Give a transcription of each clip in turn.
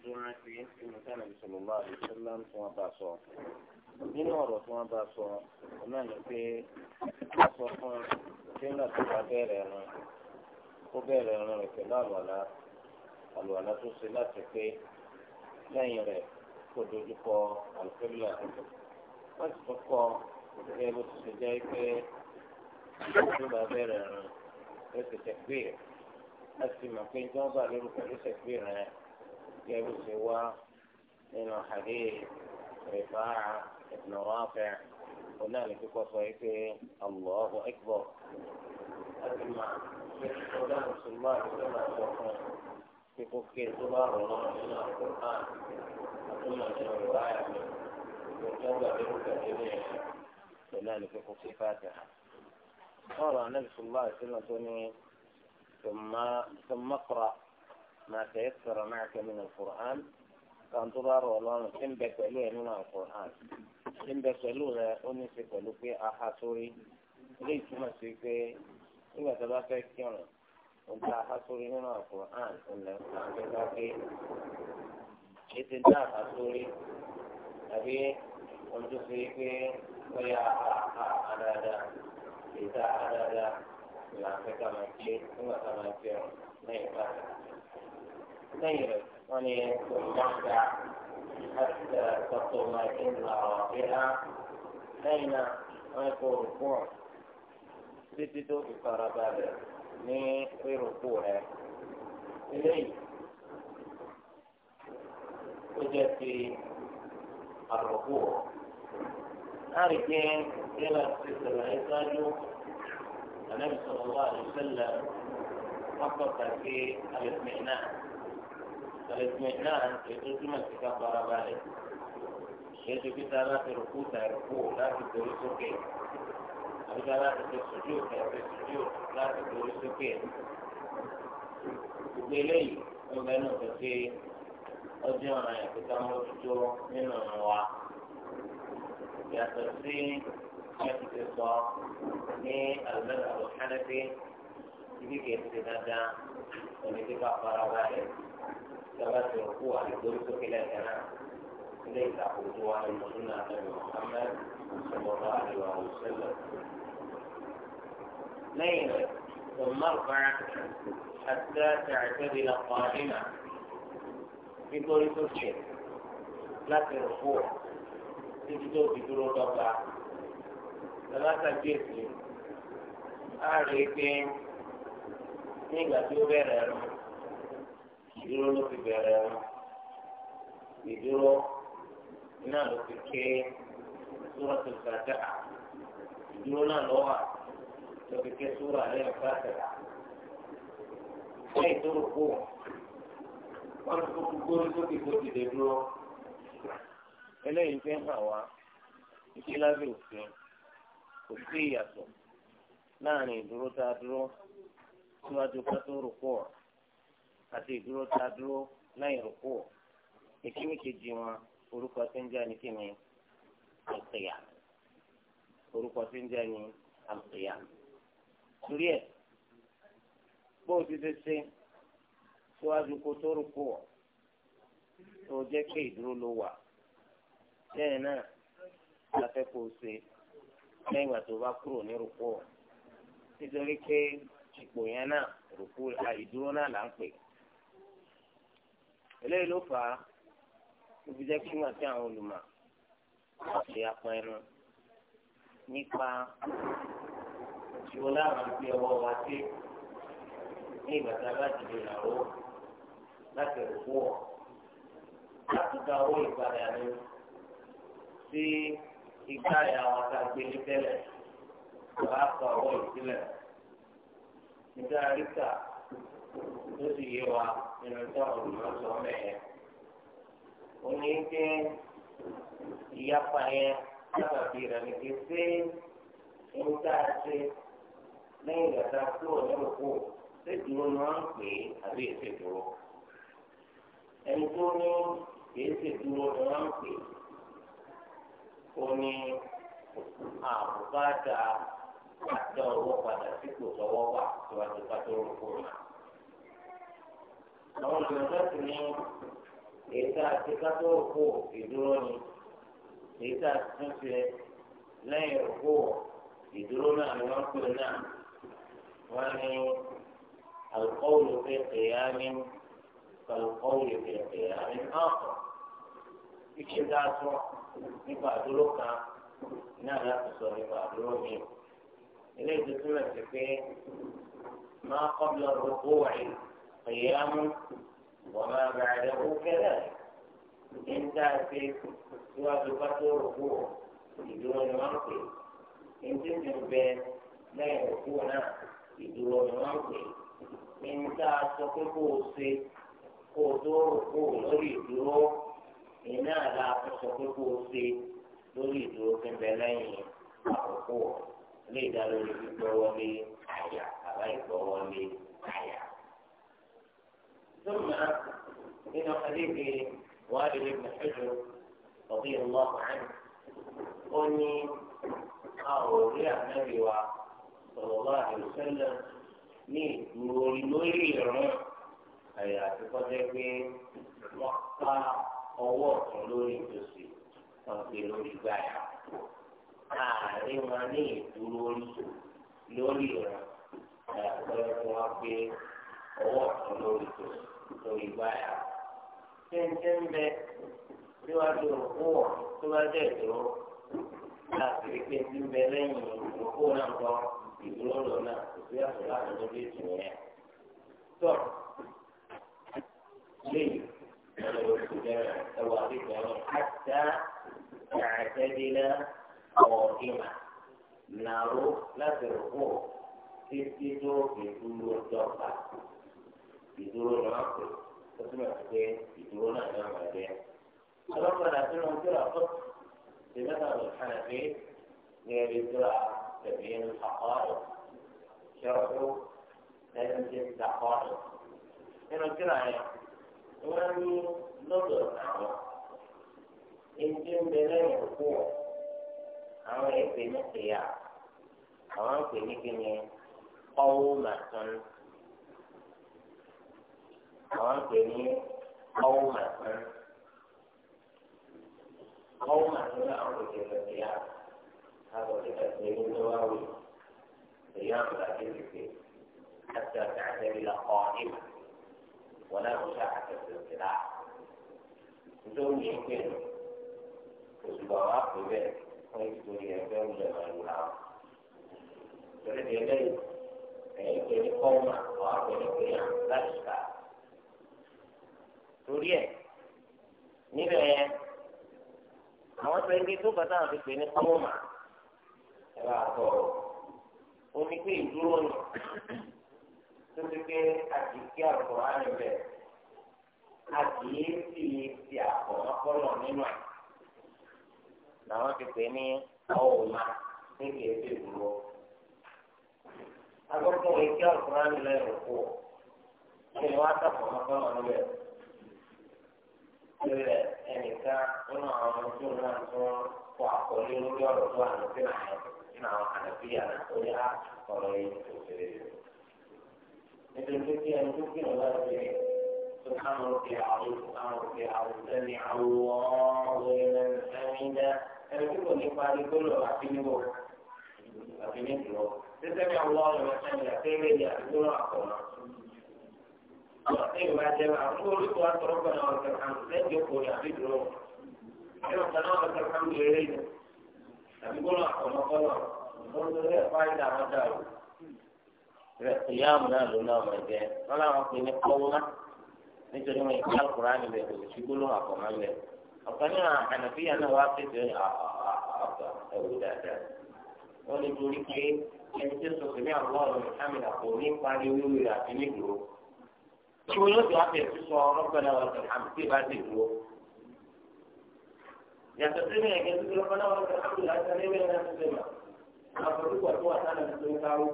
tó rántí nínú sẹ́nà bí sọlọ́lá àdìsẹ́lá tí wọ́n bá sọ. nínú ọ̀rọ̀ tí wọ́n bá sọ ọ̀nà ni pé wọ́n sọ fún sẹ́nà tó bá bẹ̀rẹ̀ ẹran ó bẹ̀rẹ̀ ẹran rẹ̀ pẹ̀lú àlùwàlá àlùwàlá tó ṣe láti pé lẹ́yìn rẹ̀ kó dojúkọ àlùfẹ́lá wọ́n sì tún kọ́ gẹ́gẹ́ bó ti ṣe jẹ́ pé tó bá bẹ̀rẹ̀ ẹran ó ti tẹ̀ gbé láti mọ̀ pé ìjọba lórúkọ ló tẹ̀ gbé rẹ̀ كيف سوى من حديث رفاعة ابن رافع قلنا لك وصيته الله أكبر أما قلنا رسول الله صلى الله عليه وسلم في كفك الزبار ونحن القرآن ثم من الرواية وكذا بك جميعا قلنا لك كفك قال النبي صلى الله عليه وسلم ثم ثم اقرأ ما تيسر معك من القرآن تنتظر والله إن بسألوه من القرآن إن بسألوه أني يسألوه أحاسوري ليس ما سيكي إذا تبقى كيانا أنت أحاسوري من القرآن أنت أحاسوري إذن أنت أحاسوري أبي أنت سيكي ويا أحاسوري إذا أحاسوري لا تكمل كي ثم تمام كيانا لا يبقى غيره وليس تخدع حتى تطمئن راضئة أين ويكون ركوع تجد إقرابات ní rírùkú rẹ̀ eléyìí ó jẹ́ ti àrùkú láti gbé nígbà tí ìṣẹ̀lẹ̀ ìṣáájú àlẹ́ ìṣòro wà ní ìṣẹ̀lẹ̀ wọ́n tọ́ka sí àlùfẹ́ náà. الاطمئنان يترجم الكتاب ضرب عليه يجب إذا لا تركوع تركوع لا تدور سكين إذا لا تسجد تسجد لا تدور سكين إليه ọgbẹni òkèké ọjọ́ ọ̀ràn ìpínlẹ̀ mójútó nínú wa yàtọ̀ sí ẹ̀sìn ti sọ ní alùpàdé àlùkálẹ́fẹ́ ibi kẹ̀sì dandan onídìbò àfarabalẹ̀ ìjọba ti ń kú àdìgbòrí sókè lẹ́ẹ̀kan náà ilé ìtàkùjú wa ni mo tún náà tẹ̀lé Muhammad sọlọ́lá àdìwà òṣèlú. lẹ́yìn rẹ̀ Umar fara àtúntà tààtẹ́bí la kọ́ àdínà nítorí sókè láti rò kú títí tó fi dúró dọ́gba. Bàbá kàgbéèsì á rí i pé nígbà tí ó bẹ̀rẹ̀ rẹ̀ ìdúró ló fi bẹ̀rẹ̀ wọn ìdúró náà ló fi ké súrà tó gbàdá ìdúró náà ló wà ló fi ké súrà lẹ́yìn gbàdá lẹ́yìn tó rò kó wọn ló fi gbórí sókè tó ti dé dúró eléyìí fi hàn wá ìdí lábẹ́ òfin kò sí ìyàtọ̀ láàrin ìdúró tá a dúró síwájú ká tó rò kó wọn àti ìdúró tá a dúró lẹ́yìn rúkú ìkíní kejì wọn orúkọ tí ń jẹ́ ni kíni àlùkìyà orúkọ tí ń jẹ́ ni àlùkìyà torí ẹ̀ bó o ti ṣe ṣe síwájú kó tó rúkú tó jẹ́ pé ìdúró ló wà lẹ́yìn náà la fẹ́ kó o ṣe lẹ́yìn ìgbà tó bá kúrò ní rúkú nítorí pé ipò yẹn náà rúkú ìdúró náà là ń pè é eléyìí ló fà á tó fi jẹ́ kí wọ́n ti àwọn olùmọ̀ ṣe apọn ẹnu nípa ìṣòro láwọn gbé ọwọ́ wa sí ní ìgbà tá a bá dìde ìrànwọ́ láti òkú ọ̀ láti gba owó ìpadà ní sí ìgbà ìyàwó àtàgbé ní tẹ́lẹ̀ wàá kọ owó ìsílẹ̀ nígbà ríkà tó sì yé wa nínú táwọn olùmọ̀sọ mẹ́ẹ̀. ó ní pé ìyapa yẹn sábàbí rẹ̀ ní pé ṣé ń tá a ṣe lẹ́yìn ìgbà tá a kúrò nínú ṣé dúró ni ń pè é àbí èsè dúró. ẹni tó ní èsè dúró ni ń pè é. ó ní àbùkátà àtọ̀ owó padà sípò tọwọ́ wà síwájú ká tó rò kúrò náà àwọn ìgbìmọ̀ láti ní èyí tá a ti kátó òkú ìdúró ni èyí tá a ti tún ṣe lẹ́yìn òkú ìdúró náà ni wọ́n pè náà wọ́n ní alukọ́wùlù fi kìyàmí alukọ́wùlù fi kìyàmí ọ̀pọ̀ ìṣe dáadọ́ nípa àdúró kan náà láti sọ nípa àdúró mi ilé ìdúró náà ti pé máa kọ́ bí ọ̀rọ̀ owó wáyé. قيام وما بعده كذلك انت في سواجبة ركوع بدون منطق انت تنبه لا يكون بدون منطق انت تقول kó o tó kó o lórí ìdúró iná àlá àkóso pé kó o ṣe lórí ìdúró tó ń bẹ lẹ́yìn àkókò lè dá lórí gbígbọ́ wọlé àyà àbá ìgbọ́ wọlé àyà. ثم إن حديث وائل بن حجر رضي الله عنه أني أو يا نبي صلى الله عليه وسلم ní lórí lórí ìrún ẹ̀yà àti kọjá pé wọ́n ká ọwọ́ ọ̀tún lórí ìtòsí wọ́n gbé lórí gbáyà. láàárín wọn ní ìdúró lórí ìrún ẹ̀yà àti pé wọ́n gbé ọwọ́ ọ̀tún lórí ìtòsí lórí gbáyà tẹ́ńtẹ́ ń bẹ níwájú òkú wọ̀ tó bá dẹ̀ dúró láti rí pé ń bẹ lẹ́yìn òkú náà kọ́ ìdúró lọ náà kò sí àtúntò láti ló dé tì tọ́ léyìí ọ̀rọ̀ oṣù bẹ̀rẹ̀ ẹwà àdìgbà yẹn àtà àtẹ́dínlá ọ̀ọ́dínlá nàró láti òkú títí tó fi dọ́gba ìdúró lọ àpò ó túmọ̀ pé ìdúró náà ní ọmọ ẹgbẹ́. ọlọ́pàá àti ọmọ tí wàá fọ́ ṣe mẹ́ta lọ sáré pé ní ẹbí tó a tẹ̀lé ń àkọ́rọ̀ ṣọ́ọ́kú ẹni tí ń dàkọ́rọ̀. nínú kíra yẹn wọ́n ní lọ́dọ̀ àwọn ẹni ń bẹ lẹ́yìn òkú wọn àwọn ẹgbẹ́ ní ìyá àwọn ń pè ní kíni ọwọ́ màtọ́nù. àwọn pè ní ọ̀húnmà kan ọ̀húnmà kan ní àwọn òkè lọ́sẹ̀ yá àwọn òkè lọ́sẹ̀ yá ló wá wí èyí àwọn àti ìrìkè àti àti àti ìlà ọ̀hìnmà wọn náà kò sá àti ìrìkè rà nítorí yìí pé òṣùpá wa pè bẹ́ẹ̀ wọ́n ti torí ẹgbẹ́ òjò máa ń ra wọn. torí ẹgbẹ́ yìí ẹ̀yìn pé ní ọ̀húnmà wọn àgbẹ̀ ní pé yàn láti kà á. torí ẹ̀ níbẹ̀ yẹn àwọn tó ń gbé tó bàtà àti pè ní kọ́mọ̀mà ẹ̀ bá tọ̀ ó ní pé ìdúró nù tó ti gbé àtìkí àkùrọ̀ á níbẹ̀ àkíyèsí ti àkùrọ̀ kọ́lọ̀ nínú ẹ̀ làwọn ti pè ní ọ̀ọ́mà ní kìí ṣe ìdúró. agbọ́dọ̀ ìkí àkùrọ̀ á nílẹ̀ ìrùkù ẹ̀ wá sàkùrọ̀ kọ́lọ̀ níbẹ̀ lórí ẹnìkan nínú àwọn ọmọ tí náà tí wọn kọ àkọlé lórí ọ̀rọ̀ tó wà ní náà nínú àwọn àlàbíyà náà ó yá ọ̀rọ̀ yìí tó ṣeré yìí. nítorí pé kí ẹni tó kírun bá ṣe سبحان ربي العظيم سبحان ربي العظيم سمع الله لمن حمده ẹni tí kò ní parí gbọ́dọ̀ àti níbo àti níbo sísẹ́mi àwọn ọlọ́run ẹ̀ṣẹ́ أعطيه ما جمع أقول وأنت ربنا ولك الحمد لن يقول يعبد روح ربنا ولك الحمد إلينا يقول أحكم الله قلت له فائدة مدار قيامنا لنا وجه ولا أعطيني قولنا nítorí wọn ìpín alukurani bẹ kò sí gbólóhùn àkọmọ bẹ ọkàn ní ànàfíà náà wàá pèsè àgbà ẹwù dáadáa wọn lè torí pé ẹni tí ó sọ pé ní àwọn ọ̀rọ̀ ìsámi àpò ní parí wíwí àti nígboro ìwọ yóò ti wá fi ẹ̀sùn sọ rọ́bẹ̀nà wà lọ́sẹ̀ hàn tí ìbá ti wò. yàtọ̀ sí ní ẹ̀gẹ́ tó lọ́kọ́ náà wọ́n ti hàn tó láti ẹ̀rẹ́ ìrìn àti ìgbà àfọ̀dúkọ̀ tó wà sánà tó ń kárò.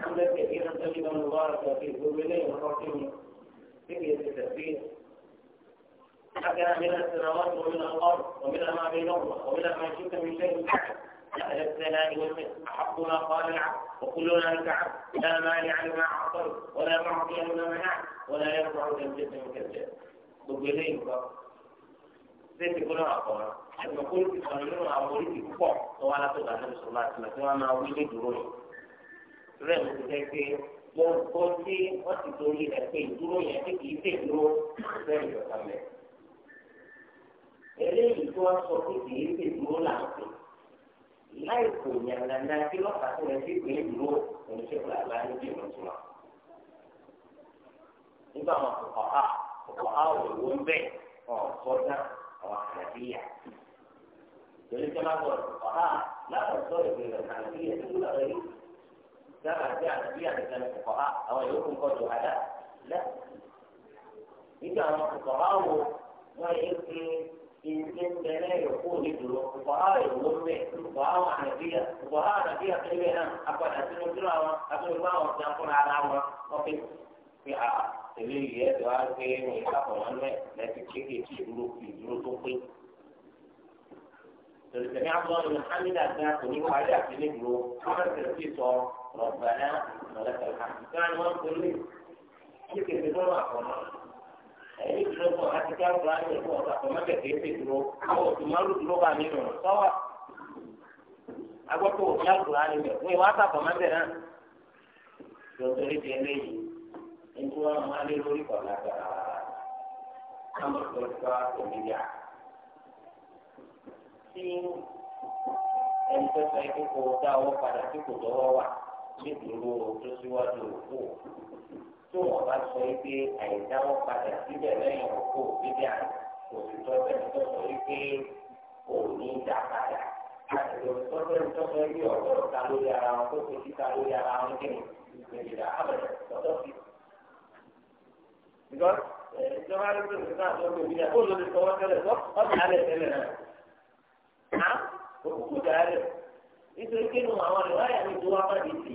ẹ̀mẹ́tẹ̀ kí ló ń tẹ́lẹ̀ lọ́nà wà lọ́sẹ̀ àti ìgbòho eléyìí ọkọ̀ kí ni kí kì í ti tẹ̀sí. حكى من السماوات ومن الأرض ومن ما بينهما ومن ما شئت من شيء أهل الثناء والمثل أحق ما قال العبد وكلنا لك عبد لا مانع لما أعطيت ولا معطي لما منعت ولا ينفع ذا الجسم كالجسم بقولين bẹ́ẹ̀ ti gbọ́dọ̀ àkọ́rọ́ ẹ̀sùn pólítì kan nínú àwọn oríṣi púpọ̀ tó wá látọ̀dọ̀ àtẹ̀lẹ́ sọ̀rọ̀ láti lọ tí wọ́n máa wí ní dúró yìí. rẹ̀ ló ti jẹ́ pé gbogbo tí wọ́n ti torí rẹ̀ pé ìdúró yẹn tí kìí ṣe ìdúró bẹ́ẹ̀ yọ̀ kàmẹ́. eléyìí tí wọ́n sọ pé kìí ṣe ìdúró là ń pè é láì kò yàn dandan kí lọ́ọ̀tà tó yẹ kí ìpínlẹ̀ ìlú oníṣẹ́ ìlú àgbà ní bí ìmọ̀ tiwọn. nígbà wọn kò kọ́ á kò kọ́ á ò ń bẹ̀ ọ̀ sọ́dá àwọn àlàbíyà. torí kí bọ̀ kọ́ á láwọn sọ ìpínlẹ̀ àlàbíyà tó lọ rí. dábàá sí àlàbíyà nìkan kò kọ́ á àwọn yòókù ń kọjú àdá lẹ́. nígbà wọn kò kọ́ á يمكن بينه يكون يدلو فقال يقول به فقال حنفية فقال حنفية كلمة أقول أسنو كلاما أقول ما وسنقول على أمر وفي في آه تبي يدعى كي ويحاكم عنه لا تكيك يدلو يدلو تقي فالسميع الله من حمد أسناك ونيو على أسنو يدلو كما ترسي صور ربنا ولك الحمد كان وانقل لي يمكن بدون أقول ẹ̀yìn ìdúró fún àtijọ́ àgbáyé fún ọ̀gá tó mọ́tẹ̀ kìí fi dúró fún ìwà àtàkọ́ mọ́tẹ̀ náà lọ́sọ̀rọ̀ ti eléyìí ẹni wọn máa lé lórí kọ̀ọ̀lá gbàrà tí ẹni tó sọ ikú kó dá owó padà kò tọ́wọ́ wà tó síwájú òkú tó wọn bá sọ yìí pé àìdáwọ́ padà síbẹ̀ lẹ́yìn òkú bíbí àná kò tó sọ yìí pé òní dá padà àti kò sì tọ́jú ẹni tó sọ yìí ta lórí ara wọn tó fi síta lórí ara wọn kí ni ìgbèjìlá abẹ́rẹ́ lọ́dọ̀ sí. Eh, ìjọba ìjọba ló ti sọ àti ọgbẹ́ ìbílẹ̀ ó lórí sọ wọ́n tẹ́lẹ̀ lọ́ ọ̀dà ti wá bá di tì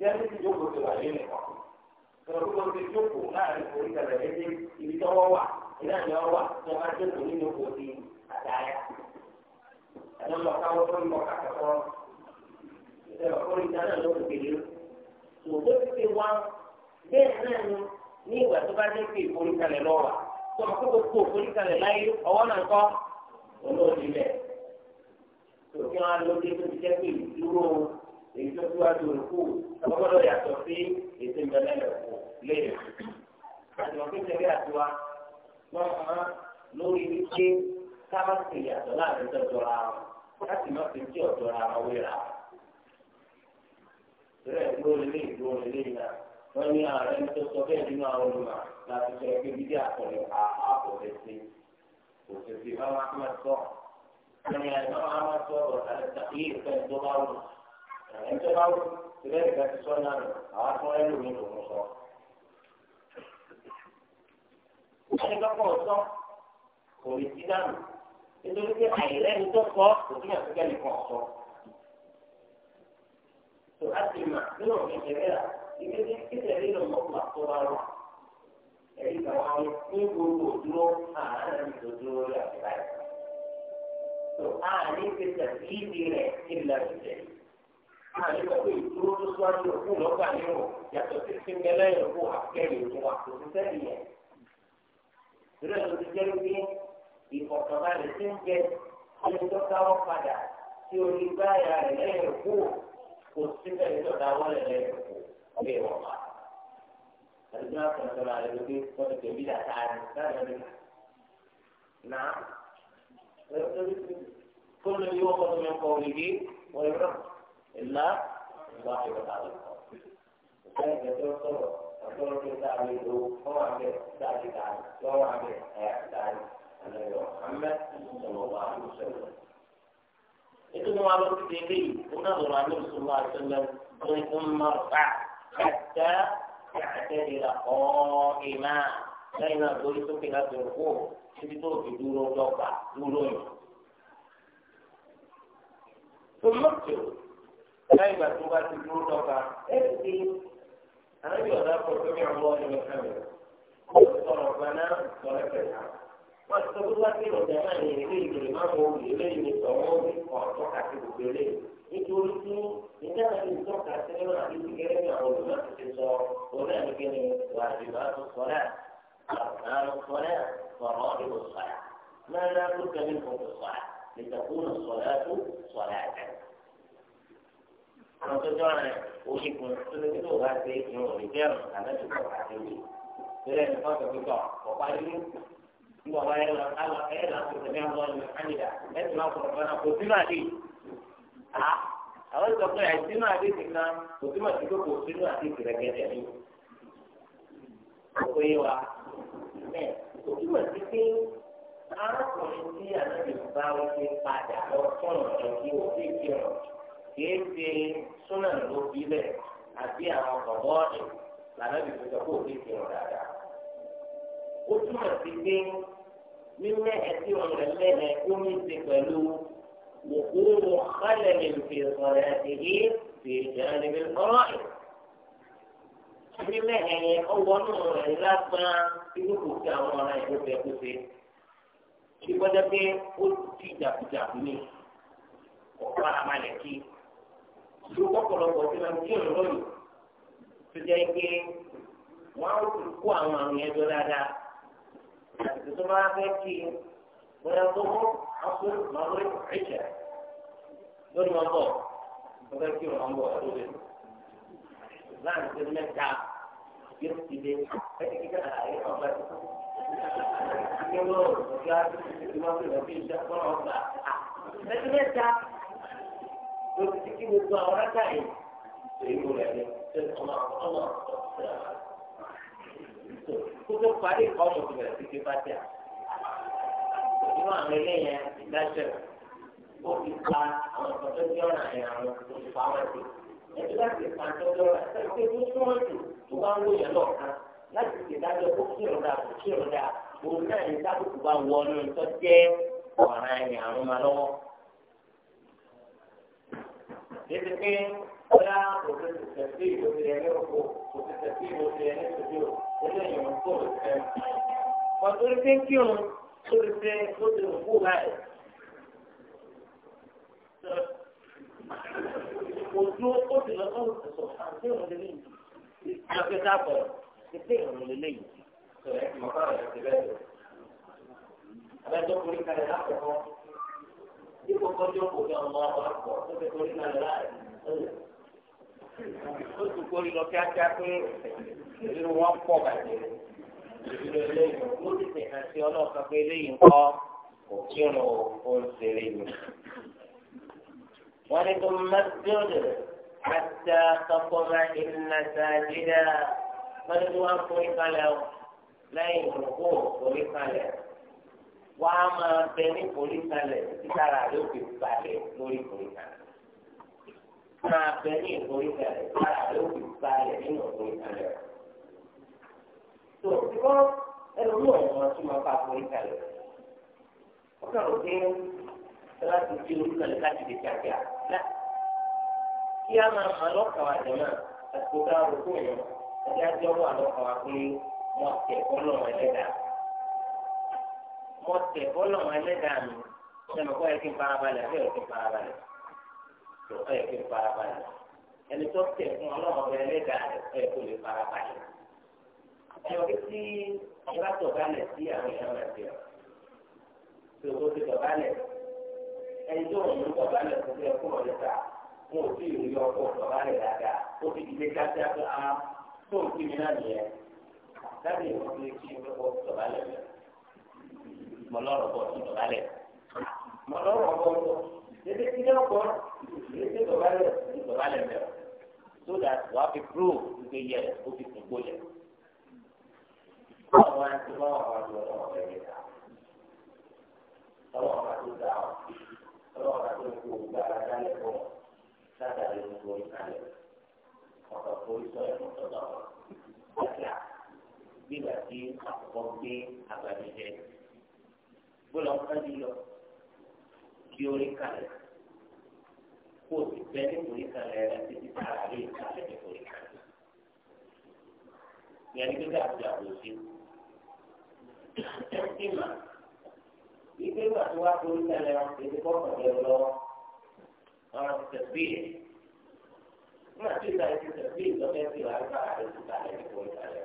jẹ́rìí ti jókòó ti wà nínú ìwà. Ìrọ̀lú kan ti jókòó láàrin orí kẹlẹ̀ lédè ibi tọ́wọ́ wà iná ni ọ wà tí wọ́n bá jókòó nínú oko ti àdáyà. Ẹ̀dọ́ lọ káwọ́ tó ń bọ̀ kàkọ́kọ́. Ìṣẹ̀lẹ̀ ọ̀kọ́ ìjà ló ń gbèrè. Òjò ti ti wá bẹ́ẹ̀ náà ni ní ìgbà tó bá dé pé ìforíkalẹ̀ lọ wà. Tọ́mọ kókó kó ìforíkalẹ̀ láyé ọwọ́ náà kọ́ olóòdì èyí tó síwájú rúkú ọgbọ́dọ̀ yàtọ̀ sí ètò ìbẹ̀lẹ̀ rúkú lẹ́yìn. àti wọn pèsè bí àtiwá wọn máa lórí wípé káwọn ti yàtọ̀ láàrin tọ́jọ́ra wọn láti má fi tí ọ̀jọ́ra wọn wéra. ìrẹ̀ ìgbóni lé ìgbóni lé náà wọ́n ní ààrẹ tó sọ bẹ́ẹ̀ nínú àwọn olùmọ̀ láti sọ pé bídí àkọlù àkọlù sí òṣèṣì máa máa sọ. wọ́n ní àìsàn máa máa sọ ọ̀rọ̀ ẹni tó bá wù ilé ìgbà ti sọ náà àwọn tó ń lò ní òun sọ. ẹni tó kọ̀ sọ kò lè ti dànù nítorí pé àìlẹ́ni tó sọ kò ní àfikẹ́ nìkan sọ. tó a ti mà nínú òfin ìṣẹ̀lẹ̀ rà ibi tí kíkẹ́ nínú ọ̀pọ̀ àtọ́ra rà ẹ̀rí kan wá ní ní gbogbo dúró àárín ìdòdúró rẹ̀ àti báyìí. tó a ní fi tẹ̀síìdì rẹ̀ kí n lọ sí àti ìgbàgbé ìdúró tó síwájú òkú lọ́gbà nínú yàtọ̀ sí ti ń bẹ lẹ́yìn òkú àkẹ́rì òkú àtòkútẹ́ nìyẹn. ìrẹ́ tó ti jẹ́ pé ìfọ̀kànbalẹ̀ ti ń bẹ ẹni tó káwọ́ padà tí orí báyà rẹ̀ lẹ́yìn òkú kò sí bẹ́ẹ̀ tó dáwọ́ rẹ̀ lẹ́yìn òkú ọ̀gbẹ́ ìwọ̀n àdúgbò àkànṣọ́ra rẹ̀ ló dé wọ́n ti bí dàtàrí láàrin náà. kó lóyún ọkọ̀ tó mẹ́kọ̀ọ́ ìlà ìwà ìrọ̀lá rẹ̀ kọ́. Ìfẹ́ ìgbẹ́jọ́ sọ̀rọ̀ ọ̀dọ́ ló dá mi lò fún àgbẹ̀ dájú dájú lọ́wọ́ àgbẹ̀ ẹ̀yà dájú àlẹ́yọ̀ àmẹ́ ìṣòwò àlùsọ̀rọ̀. Nítorí wọn lọ sí ilé yìí, ó náà lọ́rọ̀ àlùsọ̀rọ̀ àṣẹlẹ̀ ní ìmọ̀ta kàtà kàtẹ́lẹ̀ ọ̀ọ́ìmá lẹ́yìn náà lórí sókè láti òkú títí tó fi dúró lọ́gbà dúró yìí. Tòmọ́tò lẹ́yìn ìgbà tó bá ti dúró dọ́gba ẹ̀sìn àwọn yóò dá pọ̀ sórí àwọn ọ̀nà ìkànnì ọ̀rọ̀ gbaná lọ́rẹ́ pẹ̀lá. wọ́n ti sọ́kú wá sí ọ̀dà náà ní ilé ìgbèrè máa mọ òbí eléyìí ní sọ̀wọ́n òbí ọ̀tọ́ àti gbogbo eléyìí. nítorí tí ìjà náà ní tọ́ka sí nínú àdéhùn gẹ́gẹ́ bí àwọn olùmọ̀ ti ti sọ ọ̀dà nìkẹ́ni wà á dìbò àtúnṣọ́lá àtúnṣọ́lá sọ̀rọ̀ ìwò sọ̀rọ̀ àwọn tó jọ rẹ onígun tó lè tó bá ṣe ìrùn òní bẹ́ẹ̀rù àlejò kọ̀ àti ìlú bẹ́ẹ̀ ni wọ́n sọ pé ọ̀pá yìí ní wọ́n yẹn lọ alọ ẹ̀yẹ náà kò tẹ̀lé àwọn ọ̀nà àyíká ẹ̀sìn náà kò tẹ̀lé kò sí máa à àwọn sọ pé àìsí máa ti kan kò sí máa ti kò sí máa ti rẹ̀gẹ̀dẹ̀ ni kò pé wa bẹ́ẹ̀ kò sí máa ti kìí ṣe súnà ló fi lẹ̀ àti àwọn kọ̀bọ́ọ̀nì lànà ìfẹsẹ̀ kó fi ṣe wọn dáadáa. ó túmọ̀ sí pé mímẹ́ ẹtí ọ̀rẹ́ lẹ́nà ó ní ṣe pẹ̀lú wòkúrò xalẹ̀ ní ìfẹsọ̀rẹ́ àti yìí fi ìjẹun níbi kọ́rọ̀ ẹ̀. mímẹ́ ẹ̀yẹ ọwọ́ rẹ̀ lágbára irú kò sí àwọn ọ̀rẹ́ ìfẹsẹ̀ kó ṣe. ìgbọ́dọ̀ pé ó ti jàpùjàpù ní ọ̀pọ̀ àmàlẹ̀kí ìlú pọ̀pọ̀lọpọ̀ tí wọ́n ti ń lóyún tó jẹ́ pé wọ́n á kó àwọn àrùn yẹn jọ dáadáa àti tó máa fẹ́ kí wọ́n yà tó mú ọkọ̀ lọ́wọ́ ìṣẹ̀ lórí wọn bọ̀ wọ́n fẹ́ kí wọ́n bọ̀ lórí láàrin tó mẹ́ta yóò ti lé ẹ̀ẹ́dì kíkà àárín ọ̀gbà tó kí wọ́n lọ́wọ́ ìṣẹ́ àti ìṣẹ́ ìṣẹ́ ìṣẹ́ ìṣẹ́ ìṣẹ́ ìṣẹ́ ìṣẹ́ ló ti kí gbogbo àwọn rákà yìí tó ìlú rẹ̀ ni tó ọmọ ọmọ kó tó parí ọmọ tó bẹ̀rẹ̀ sí ké bá tẹ̀. nínú àwọn eléyẹn ìdájọ́ ó fi pa àwọn ìtọ́jú ọ̀ràn yẹn àwọn olùkọ́ àwọn ẹ̀sìn ẹ̀sìn láti pa ìtọ́jú ọ̀ràn ẹ̀sìn pé kó tó wọ́n jù tó bá ń wó yẹn lọ́ọ̀kan láti ṣèdájọ́ kó kí ọ̀dà kó kí ọ̀dà òun náà ní Débi pé bóyá òfin tẹ̀sẹ̀ sí ìwòsí ẹni òfin tẹ̀sẹ̀ sí ìwòsí ẹni tòjú, eléyìí ń kó lè fẹ́. Ọ̀tọ́rí kí òun tó lè ó ti rò kú láì. Ojú ó ti lọ sọ́run sọ̀tọ̀ àti òun lè léyìí. Ìjọba bọ̀ ti pé òun lè léyìí. Sọ̀rọ̀ ẹ̀ kì í mọ̀ ti bẹ́ẹ̀ lọ. Abẹ́jọ́ kúrò kalẹ̀ lákòókò dípò kọjọ́ kò ní ọmọ ọmọ àpọ̀ tó fẹ́ torí náà láàyè. ó ti kórè lọ kíákíá pé ìlú wọn pọ̀ bàjẹ́ ìlú eléyìí ló ti tẹ̀ sí ọlọ́ọ̀kan pé eléyìí ń kọ́ kò kírun ó wọ́n ní kó mẹ́tíọ́dù àti àtọ́kọ́mọ ìlànà sàdídà wọ́n ní kó wọ́n forí kalẹ̀ lẹ́yìn ìrùkú forí kalẹ̀ wà á máa bẹ ní ìforíkalẹ̀ títàrà rẹ̀ ó fi balẹ̀ lórí ìforíkalẹ̀. Máa bẹ ní ìforíkalẹ̀ títàrà rẹ̀ ó fi balẹ̀ nínú ìforíkalẹ̀. Tó ti kọ́ ẹnu ní ọ̀nà tí máa bá ìforíkalẹ̀. Ó kàn ó dé ẹlá ti di orúkalẹ̀ láti di kíákíá. Kí á máa máa lọ́kàn wá jẹ̀mọ́ àti kó dá orúkọ yẹn. Ẹjẹ́ á jẹ́ wà lọ́kàn wá pé wọ́n tẹ̀ kọ́ lọ́rùn ẹlẹ́dàá mo tẹ̀ bọ́lọ̀ wọn ẹlẹ́dàá mi sẹ́nu kọ́ ẹ kí n farabalẹ̀ àbí ẹ kí n farabalẹ̀ tó ẹ kí n farabalẹ̀ ẹni tó tẹ̀ fún ọlọ́run ọba ẹlẹ́dàá rẹ̀ ẹ kó lè farabalẹ̀ ẹ wọ́n ti ìgbà tọ̀gálẹ̀ sí àwọn èèyàn rẹ̀ bẹ̀rẹ̀ tó o ti tọ̀gálẹ̀ ẹni tó ń mú tọ̀gálẹ̀ fún ẹ kúrò níta mo ò tí ì rí ọkọ̀ tọ̀gálẹ̀ dáadáa ó ti di dáadáa pé a tó ń kí mi náà nìyẹn láti ìwọ́n ti kí mi ó tọ̀gálẹ̀ mẹ́rin mọ lọ́rọ̀ bọ̀ sí ìdọ̀bálẹ̀ mọ lọ́rọ̀ bọ̀ dédé tí yóò kọ́ dédé ìdọ̀bálẹ̀ ìdọ̀bálẹ̀ mẹ́rọ so that wà á fi prove wípé yẹ ó fi kún gbó yẹ. báwo wá ń tí wọ́n wà lọ ọ̀rọ̀ ẹ̀yẹ ta ọlọ́wọ́ bá tó dá ọ ọlọ́wọ́ bá tó kó gbára dálẹ̀ bọ̀ látàrí gbogbo ìkàlẹ̀ ọ̀rọ̀ orí sọ ẹ̀mọ́ tọ́tọ̀ ọ̀rọ̀ bí wàá di àkọ́kọ́ gbé àgbàdo jẹ bọ́lá ń kájú lọ kí orí kalẹ̀ kó o ti bẹ́ ní orí kalẹ̀ rẹ títí tààrà lè kalẹ̀ ní orí kalẹ̀. ìyẹn ní gbígbà àti àbòsí. ẹ̀sìn mà ìgbé wà tó wá tó orí kalẹ̀ ètò kọ́kọ́ rẹ lọ ọ̀rọ̀ ti tẹ̀sí ẹ̀. nígbà tí ìgbà yẹn ti tẹ̀sí ìjọba ẹ̀ ti wà ní bàrà rẹ ti kalẹ̀ ní orí kalẹ̀.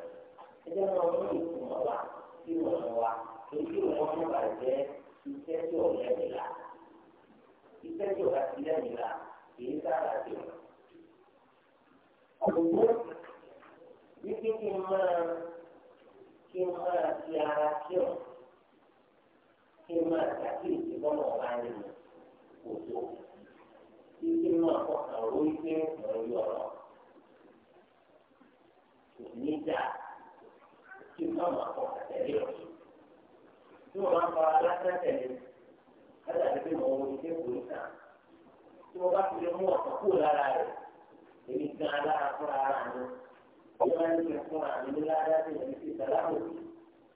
ẹjẹ́ náà wọ́n mú ìtumọ̀ wá sí ìwọ̀n wa èyí wọn mú bàjẹ́ iṣẹ́ tí ò lẹ́yìn la iṣẹ́ tí ò bá ti lẹ́yìn la kìí sára sí wọn. Òwò ní kí n máa kí n máa fi ara sí ọ̀ kí n máa ṣàkíyèsí bọ́lá ọ̀la ni kò tó kí máa fọkàn ró ike mọ̀ ní ọ̀rọ̀ kò ní dáa kí n máa máa fọkàn ọ̀sùn tí wọ́n bá ń fara lásán tẹ̀lé láti àdébí mọ̀ wọn ìdí èkó ìta tí wọ́n bá fi mú ọ̀sán kúrò lára rẹ̀ èmi gan alára fúnra ara mi wọ́n máa ń lè fún àmì ní lára tí èmi ti sàlámù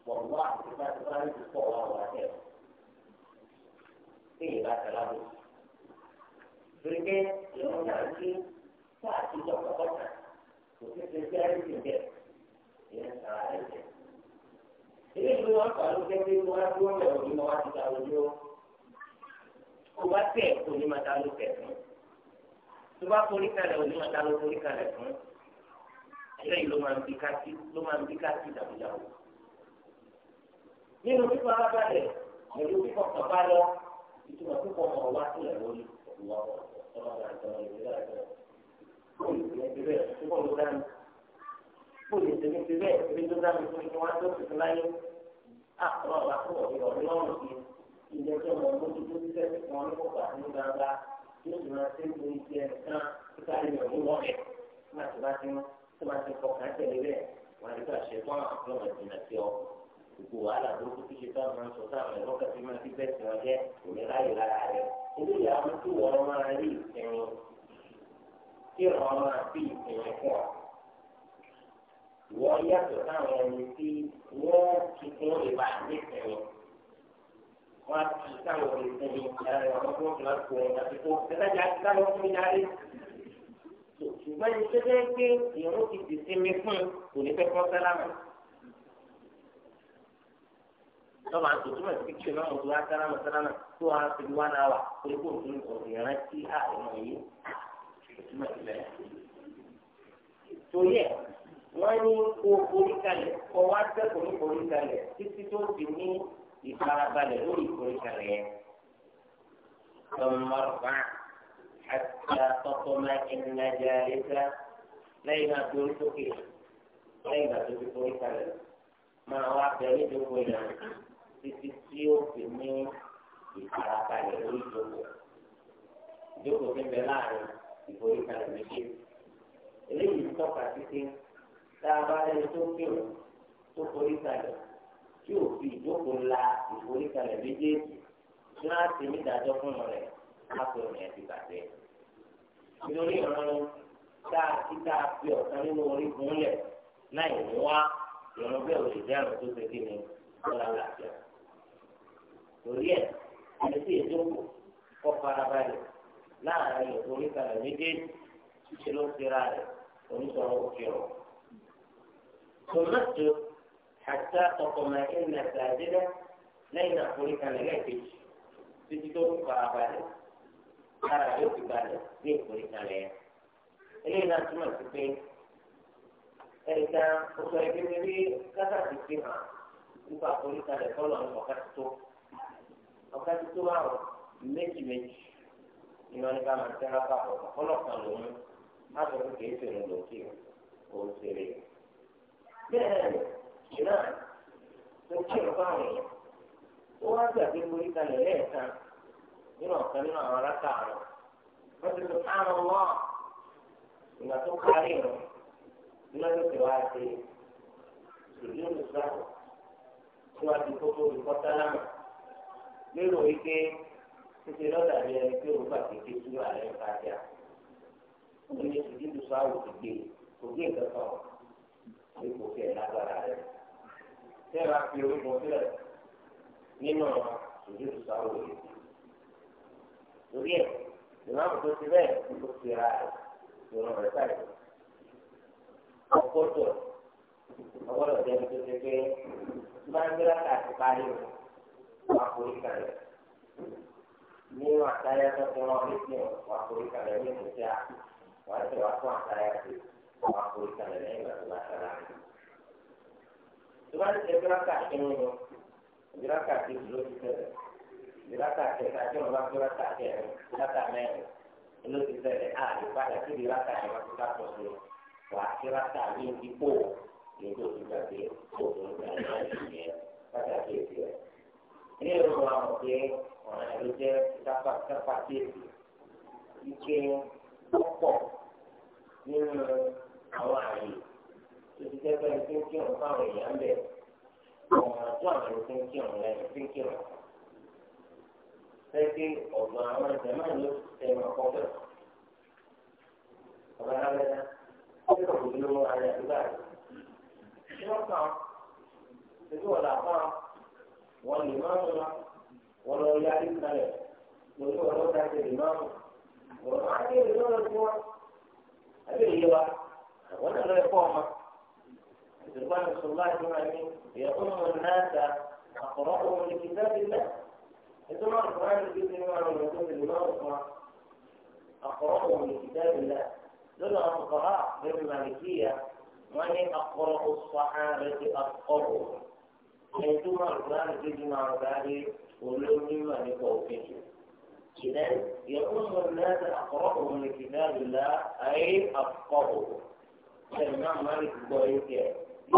pọ̀ mọ́ àtúntà tó ti pọ̀ wá wà tẹ̀. Ṣé ìlà sàlámù? Gbèké ìwọ̀n náà ti fún àtijọ́ kọ̀ọ̀kan kò sí ṣe sí àrísìn bẹ́ẹ̀ ilé ìlú wọn fà ló fẹ́ pé wọn á tó ọ̀rọ̀ òní wọn á ti ta lójú ó kó bá tẹ̀ kó ní máa ta ló tẹ̀ fún tó bá forí kalẹ̀ òní máa ta ló forí kalẹ̀ fún ilé ìlú máa ń bí kásí ló máa ń bí kásí dàbídàbò nínú pípa alábàlẹ̀ pẹ̀lú pípa bàbá lọ ìtumọ̀ pípa ọmọ wa sílẹ̀ lórí ọ̀pọ̀lọpọ̀ ọ̀pọ̀lọpọ̀ àti ọ̀rọ̀ ìgbéra ẹ̀kọ́ kó lè tẹ̀lé fi bẹ́ẹ̀ fi tó dá fún wa tó tuntun láyé àkọlọ́ wa kó wọ̀ yọ̀ lọ́rùn yìí ilé tó mọ̀ ti fẹ́ fún wọn kó wà ní gbangba yóò tún máa ṣe fún iṣẹ́ nǹkan kíkà lè yọ̀ lọ́wọ́ rẹ̀ má ti bá ti mú tó máa ti kọ̀ ká tẹ̀lé bẹ́ẹ̀ wà nígbà ṣe fún àkọlọ́ ìjìnlẹ̀ sí ọ gbogbo wàhálà burúkú tí ṣe tán máa ń sọ sáà mẹ́rin lọ́kàn máa fi bẹ́ẹ̀ sí wọn jẹ́ òmìnira yìí lára rẹ̀ eléyìí àwọn tí wọ́n máa rí ìsinmi kí wọ́n máa fi ìsinmi fún ọ wọ́n yàtọ̀ sáwọn ẹni tí wọ́n ti fún ìwà nísìnyí. wọ́n á ti sáwọn ẹni tí wọ́n fún ìwà fún ẹ̀ àti fún ìtajà sáwọn fún ìdarí. ṣùgbọ́n ẹni tó dé pé ìrún ti ti sinmi fún kò ní fẹ́ fọ́n sálámù. lọ́wọ́ àti òtúmọ̀ sí kí ìmọ̀ ọ̀dọ́ sálámù sálámù tó wàá fi wá náà wà pé kó o tún ọ̀rìn rántí àárín ọ̀yẹ́ wọ́n ní kó forí kalẹ̀ kó wá sẹ́kọ̀ọ́ ní forí kalẹ̀ títí tó fi ní ìfarabalẹ̀ lórí forí kalẹ̀ yẹn. ثم ارفع حتى تطمئن جالسا لين تلتك لين تلتك ما وعد يدك تتسيو في مين ìfarabalẹ̀ lórí ìjókòó ìjókòó tó ń bẹ láàrin ìforíkalẹ̀ méjì eléyìí tọ́ka títí tá a bá lẹni tó kírun tó forí kalẹ̀ tí ò fi ìjókòó la ìforí kalẹ̀ méjèèjì tí wọ́n á ti ní ìdájọ́ fún un rẹ̀ láti ọ̀rìn ẹ̀ ti bàjẹ́. nítorí ìrànlọ́ tá a ti tá a fi ọ̀kan nínú orígun lẹ̀ láì ní wá ìrànlọ́ bẹ́ẹ̀ ò lè jẹ́ àrùn tó ṣe kí ni lọ́la làjọ. torí ẹ̀ ẹni tí ìjókòó kọ́ farabalẹ̀ láàárín ìforí kalẹ̀ méjèèjì ṣe ló ń tẹ́ra rẹ̀ oníṣòro òkè ọ̀rọ̀. ثم اسجد حتى تطمئن ساجدا لين أخبرك أنا لا تجي تجدون فأبالي أرى na بالي لين أخبرك أنا إليه ناس ما تبين ẹnìkan oṣù ẹgbẹ́ mi rí kásá ti fi hàn nípa àforíkalẹ̀ tọ́lọ̀ ní ọ̀ká ti tó ọ̀ká ti tó àwọn méjì méjì ìwọ bẹ́ẹ̀ náà tó kírun fáwọn èèyàn ó wá gbàgbé borí kalẹ̀ lẹ́ẹ̀kan nínú ọ̀kan nínú àwọn aráta àrùn wọ́n ti sọ àrùn wọ́n ìgbà tó parí rẹ̀ lọ́dún tó wá ṣe tí ti kókó lérò wípé títí lọ́dà ni ẹni òun ké sí ti gbé ipò tí lágbára rẹ̀. Ṣé ẹ fi orígun sílẹ̀ nínú ìdíjú sáwọ́ rẹ̀? Torí ẹ̀, ìmáàmù tó ti bẹ́ẹ̀ ló fi ra ìrọ̀rùn rẹ̀ sáyẹ̀. Ọgọ́dọ̀ ọgọ́dọ̀ jẹ́ ibi tó ṣe pé máa ń gbéra káàkiri parí rẹ̀ wà forí kalẹ̀. Nínú àtàyà tó ti rán létí wà forí kalẹ̀ ní ìmúṣẹ́ wà á ti wà fún àtàyà tó wàá forí kalẹ̀ lẹ́yìn ìgbà tó bá sára rẹ̀. tó bá ti tẹ bíráka kínú lọ bíráka ti dúró ti tẹ̀lẹ̀ bíráka kẹta tí wọn bá bíráka kẹrin bíráka mẹ́rin ló ti tẹ̀lẹ̀ á lè padà sí bíráka yẹn wọn ti ká tó so wàá bíráka ní ibi kó ètò ìgbàgbé tó tó ń gbà yẹn pàtàkì èsì rẹ̀. ilé ìròyìn wa mọ̀ pé ọ̀nà ìlú jẹ́ kápákápá kéèkì ike púpọ̀ nínú àwọn àyè tó ti jẹ́ bẹ́ẹ̀ fáwọn èèyàn bẹ̀ ọ̀nà tó àwọn ẹni tí ń kírun lẹ́nu tí ń àwọn ẹ̀jẹ̀ máa ló ṣe máa kọ́ Ọ̀gá Lábẹ́dá ó kọ̀ kó ló ayé àdúgbà rẹ̀. Ṣé wọ́n kàn án? Ṣé wọ́n là kàn án? Wọ́n lè máa ń lọ. Wọ́n lọ yá ìsàlẹ̀. Lórí ọ̀rọ̀ dáṣẹ̀ lè máa ń. Wọ́n máa ń kéde lọ́rọ̀ tí wọ́n. Àbí èyí wa. ولا لا يقوم صلى الله عليه وسلم يؤم الناس أقرأهم لكتاب الله إذا ما القرآن الكريم يسمعون من كتب المناطق أقرأهم لكتاب الله دول الفقهاء غير المالكية وأن أقرأ الصحابة أتقرهم أنتم القرآن الذي يسمعون بعد ولم مما لقوته إذا يؤم الناس أقرأهم لكتاب الله أي أفقههم الإمام مالك بوي كي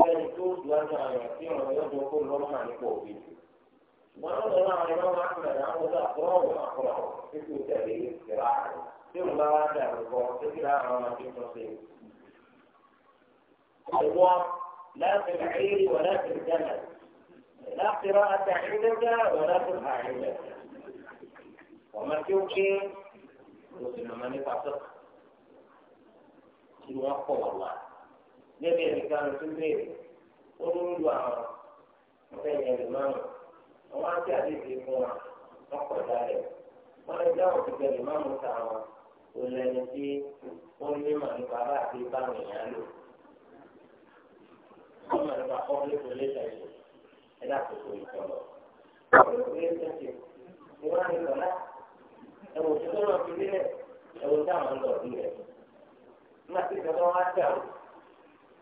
يعني توت لازم يكفي وما يدرك كل ما يكفي وانا انا الامام احمد انا وده اقراه واقراه فكر تاريخ قراءه ثم لا واسع القران فكر انا في التصيب هو لا في العير ولا في الجمل لا قراءة عندك ولا فقه عندك وما يمكن يوصل من يفعل فقه والله níbi ìdíkanu tó béèrè ó ní lu àwọn ọ̀fẹ́ yẹn lè máa wọn wá sí àdéhùn fún wa kọ̀ lè dáhùn tí ó ní mà nípa bá àti lò mà nípa ẹ̀dá ìtọ́lọ̀ ẹ̀wọ̀n tó lọ́ọ́ fi ẹ̀wọ̀n táwọn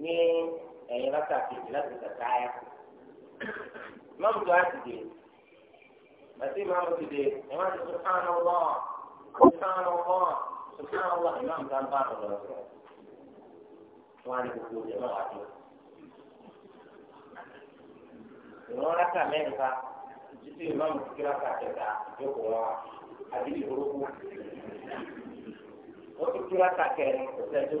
ní ẹ̀yìn rákà kejì láti kàkà ayá. Máàmù tó á ti dè. Bàtí máàmù ti dè, ẹ̀ máa ti subhanallah, subhanallah, subhanallah, ìmáàmù tó ń bá ọ̀rọ̀ sọ̀rọ̀. Wọ́n á ní gbogbo ìjẹ́ náà wá dé. Ìwọ́n rákà mẹ́rin ká títí ìmáàmù ti kí rákà kẹta ìjókòó wọn àbí ìburúkú. Ó ti kí rákà kẹrin kò sẹ́jọ́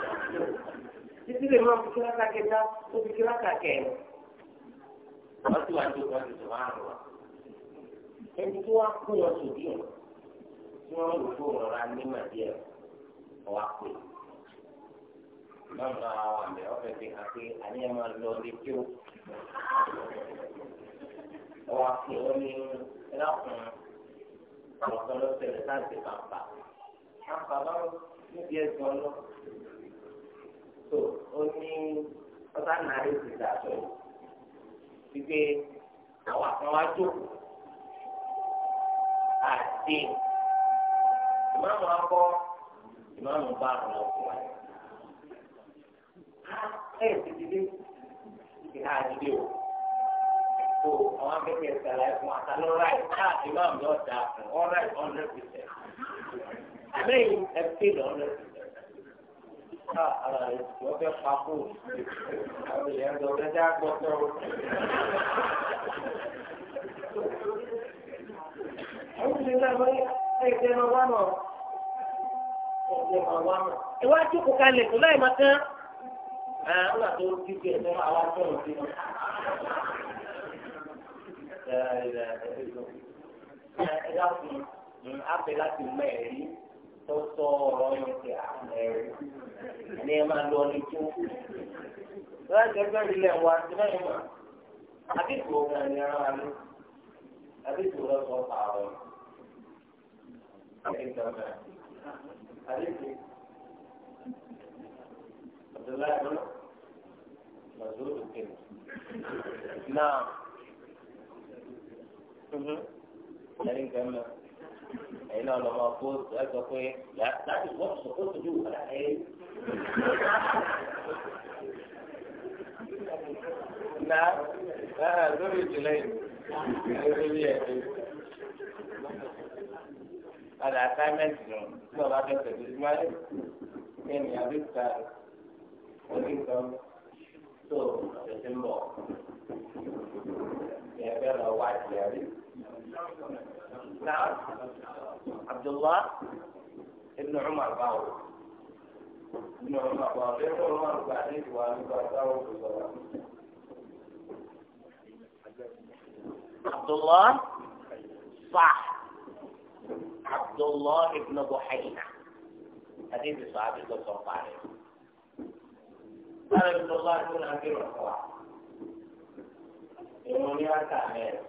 títí lè máa fi kíláka kẹta ó fi kíláka kẹrin. wọ́n ti wá ju wọ́n ti sọ̀rọ̀ àrùn wa. ẹni tó wá kó lọ sòdì ẹ̀ tí wọ́n lò fún ọ̀rọ̀ ní màdíẹ̀ ọ̀wá pè. lọ́nà àwọn àmì ọ̀fẹ́ fi hàn pé àníyàn máa lọ lé kí ó. ọ̀wá pè ó ní ẹlọ́kùn àwọn kan lọ́sẹ̀ rẹ̀ láti pàpà. pàpà báwo níbi ẹ̀sìn ọlọ́. tó ó ní ọ̀sán ti dà tó wípé àwọn àkànwá àti ìmáàmù akọ ìmáàmù bá àwọn ọkùnrin ẹ ti dìde ti ha dìde o tó àwọn akẹ́kẹ́ ìsàlẹ̀ fún àtàlọ́ ráì ká ìmáàmù yóò dà fún ọ́ ráì ọ̀nà pìtẹ́ àmì ẹ̀ ti lọ́ọ́ ara rẹ̀ tí wọ́n fẹ́ papò àwọn èèyàn lọ rẹ̀ dá gbọ́tọ̀ o. àwọn náà wọ́n ẹ̀jẹ̀ máa wá náà ẹ̀jẹ̀ máa wá náà. ìwádìí kò kalẹ̀ tó láì máa tán. àwọn àti ohun tí bẹ́ẹ̀ náà àwọn àti ọ̀rọ̀ ti mọ̀. ẹ̀ẹ́dá fún un àpè láti mọ ẹ̀rí tó sọ ọ̀rọ̀ yóò fi àwọn ẹ̀rù ní ẹ máa lọ ní tó. Ìwà ìjọba ìlẹ̀ wa ti náà yẹn mọ̀. Àbíkú ọ̀gá ni ara wa ló. Àbíkú lọ sọ fà ọ̀. Àbíkú. Àbdùlá ìlú. Màzúrù kìnnì. Náà. Ẹni kan náà. ẹ̀yin náà lọ́mọ kó ẹ sọ pé láti wọ́n sọ pé tòjú wà láyé. na ẹ lórí ìjìnlẹ̀ lórí bí ẹ ṣe. Ada assignment nù tí ọba bẹ̀rẹ̀ tẹ̀lé ìgbà yẹn kí ni àbí ta orí nǹkan tó ọ̀sẹ̀ ń bọ̀. Ìyẹn bẹ́ẹ̀ lọ wá ìyàrí. نعم عبد الله ابن عمر باو ابن عمر باو غير عمر بعدين وباو عبد الله صح عبد الله ابن بحينة هذه الصحابي صلى الله عليه قال عبد الله ابن أبي رفاعة إنه يا كامل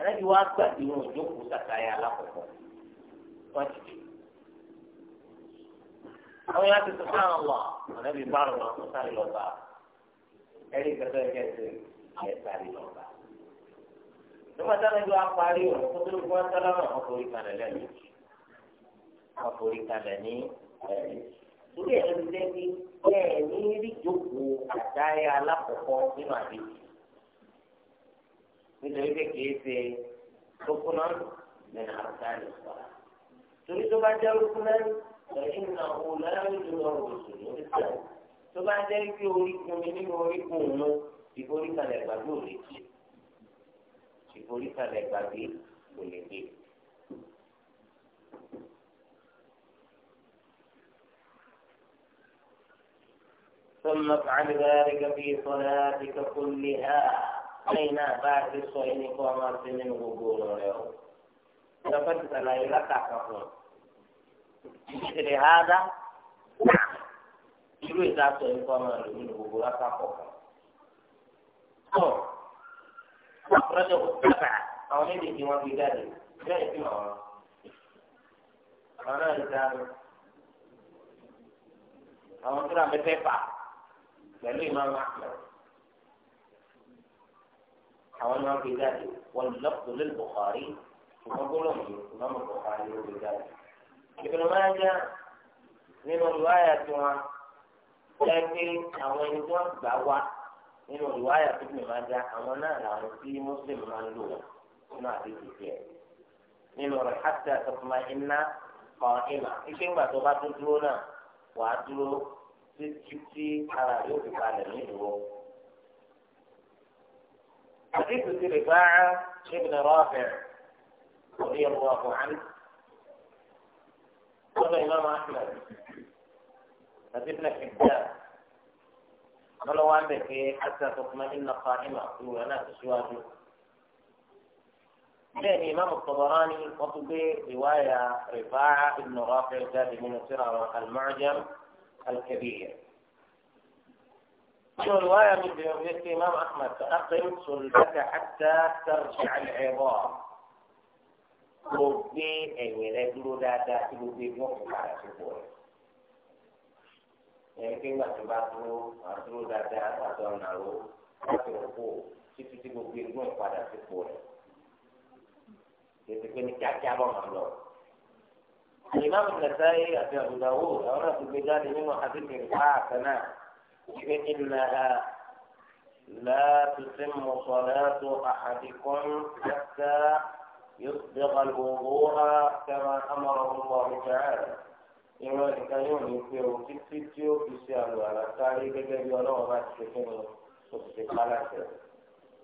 ànábi wá gbà tí wọn ò jókòó sàkáyà alákọ̀ọ́kọ́ wọn ti dì. àwọn yàrá ti sọ fún àwọn wà ànábi bá rọ̀ wọn kó sáré lọ́ba ẹ̀rí kẹsẹ̀ kẹsẹ̀ ẹ̀ sáré lọ́ba. nígbà tí ànábi wá parí òun kó tó ló fún ọ́nṣẹ́ lọ́rùn wọn forí kalẹ̀ lẹ́nu wọn forí kalẹ̀ ní ẹ̀rí. lórí ẹ̀rọ ti bẹ́ẹ̀ ní rí jókòó àdáyà nínú àdéhùn nítorí pé kìí ṣe rúkúnà lẹ́nu àrùkáàlì sọ̀rọ̀. torí tó bá jẹ́ rúkúnà lẹ́yìn náà òun lẹ́yìn ló lọ́rùn òṣèlú nígbà tó bá jẹ́ pé orígun mi nínú orígun òun ìforíkalẹ̀ gbàgbé ò lè jẹ ìforíkalẹ̀ gbàgbé ò lè jẹ. ثم افعل ذلك في صلاتك كلها lẹ́yìn náà bá a ti sọ yín ní kó a máa fi nínú gbogbo ọ̀rọ̀ rẹ o. ìjọba ti sàlàyé látàkà fún un. ìṣẹ̀lẹ̀ ha dá irú ìta sọ yín kó a máa lò nínú gbogbo látàkọ̀ kan. tó àkùrọ̀jọ kò tẹ̀ka àwọn méjèèjì wọn fi jáde bẹ́ẹ̀ fi hàn wọn. àwọn náà lè dáa lọ. àwọn tó rà mẹ́fẹ́ fà pẹ̀lú ìmọ̀ àwọn àpẹẹrẹ àwọn ni wọ́n fi jáde wọ́n lọ́pọ̀ lé Bukhari ṣùgbọ́n gbọ́dọ̀ yìí ṣùgbọ́n mo Bukhari ló fi jáde. ìpinnu máa ń já nínú ìwáyà tí wọn jẹ́ pé àwọn ẹni tí wọ́n gbà wá nínú ìwáyà tó fi máa já àwọn náà làwọn tí Muslim máa ń lò nínú àdéhùn tiẹ̀. nínú rẹ̀ hàtà tọkùnmá iná kan ìmà ike ńgbà tó bá dúró náà wàá dúró títí ara yóò fi balẹ̀ nídùú حديث رفاعة ابن رافع رضي الله عنه قال الإمام أحمد حديث ابن حبان قال وعندك إيه؟ حتى تطمئن قائمة أنا تشواجه كان إمام الطبراني وطب رواية رفاعة ابن رافع زاد من سرع المعجم الكبير في رواية من بيومية الإمام أحمد فأقم صلبك حتى ترجع العظام وبي أن يرجل دادا تلوبي مخبع على سبوه يعني كما تبعثوا أرجل دادا تأتون على سبوه títí tí gbogbo egun ìpadà sí po rẹ̀ tètè pé ní kíákíá bọ̀ máa lọ. Àlìmáàmù Nàìjíríà àti Àbùdáwò àwọn náà ti nínú àdéhùn ìpá àtẹ فإنها لا تتم صلاة أحدكم حتى يصدق الوضوء كما أمره الله تعالى إما كان في الفيديو في الشهر ولا تاريخ الذي يرى ما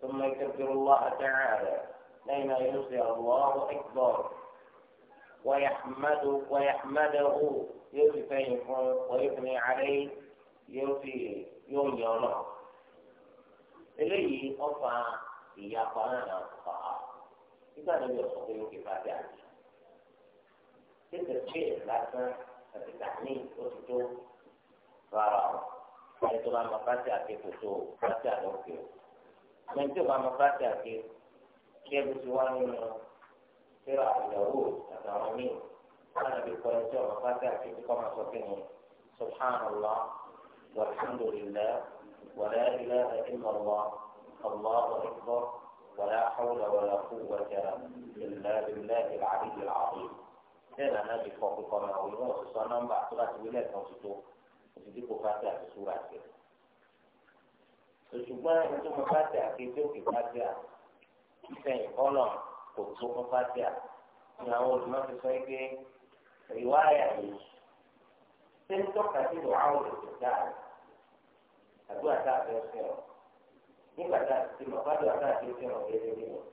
ثم يكبر الله تعالى أين يصلي الله أكبر ويحمده ويحمده يثني ويثني عليه yóò fi yóò yan lọ eléyìí ọfà ìyapa náà náà fà á nígbà tó yọ sọ pé ó kéka bí àjẹ tètè pé lásán àti tàní ó ti tó rárá o ẹni tó bá ma bá ti àti kò tó bá o ẹni tó bá ma bá àti kí ẹbí ti wá nínú síra àyẹ̀wò àtàwọn míì wọn àti kọ́ ẹni tó ma bá àti kí kọ́ sọ fún mi subhanallah. والحمد لله ولا إله إلا الله الله أكبر ولا حول ولا قوة إلا بالله العلي العظيم هنا نبي فوق قناة الله سبحانه بعد صلاة ولاية نوسطه وتجيبوا فاتحة سورة كده ṣùgbọ́n ẹni tó mọ fàtí àkéjì òkè fàtí à ìfẹ̀yìn kọ́lọ̀ kò tó ما في à ní àwọn pé ìwà àyà yìí ṣé ń tọ́ka sí ìwà àwọn òṣìṣẹ́ àná àdúrà tá a fẹ́ fẹ́ ọ nígbà tá a ti mọ̀ bá dùn àtàkì ó fẹ́ràn gẹ́gẹ́ bí wọn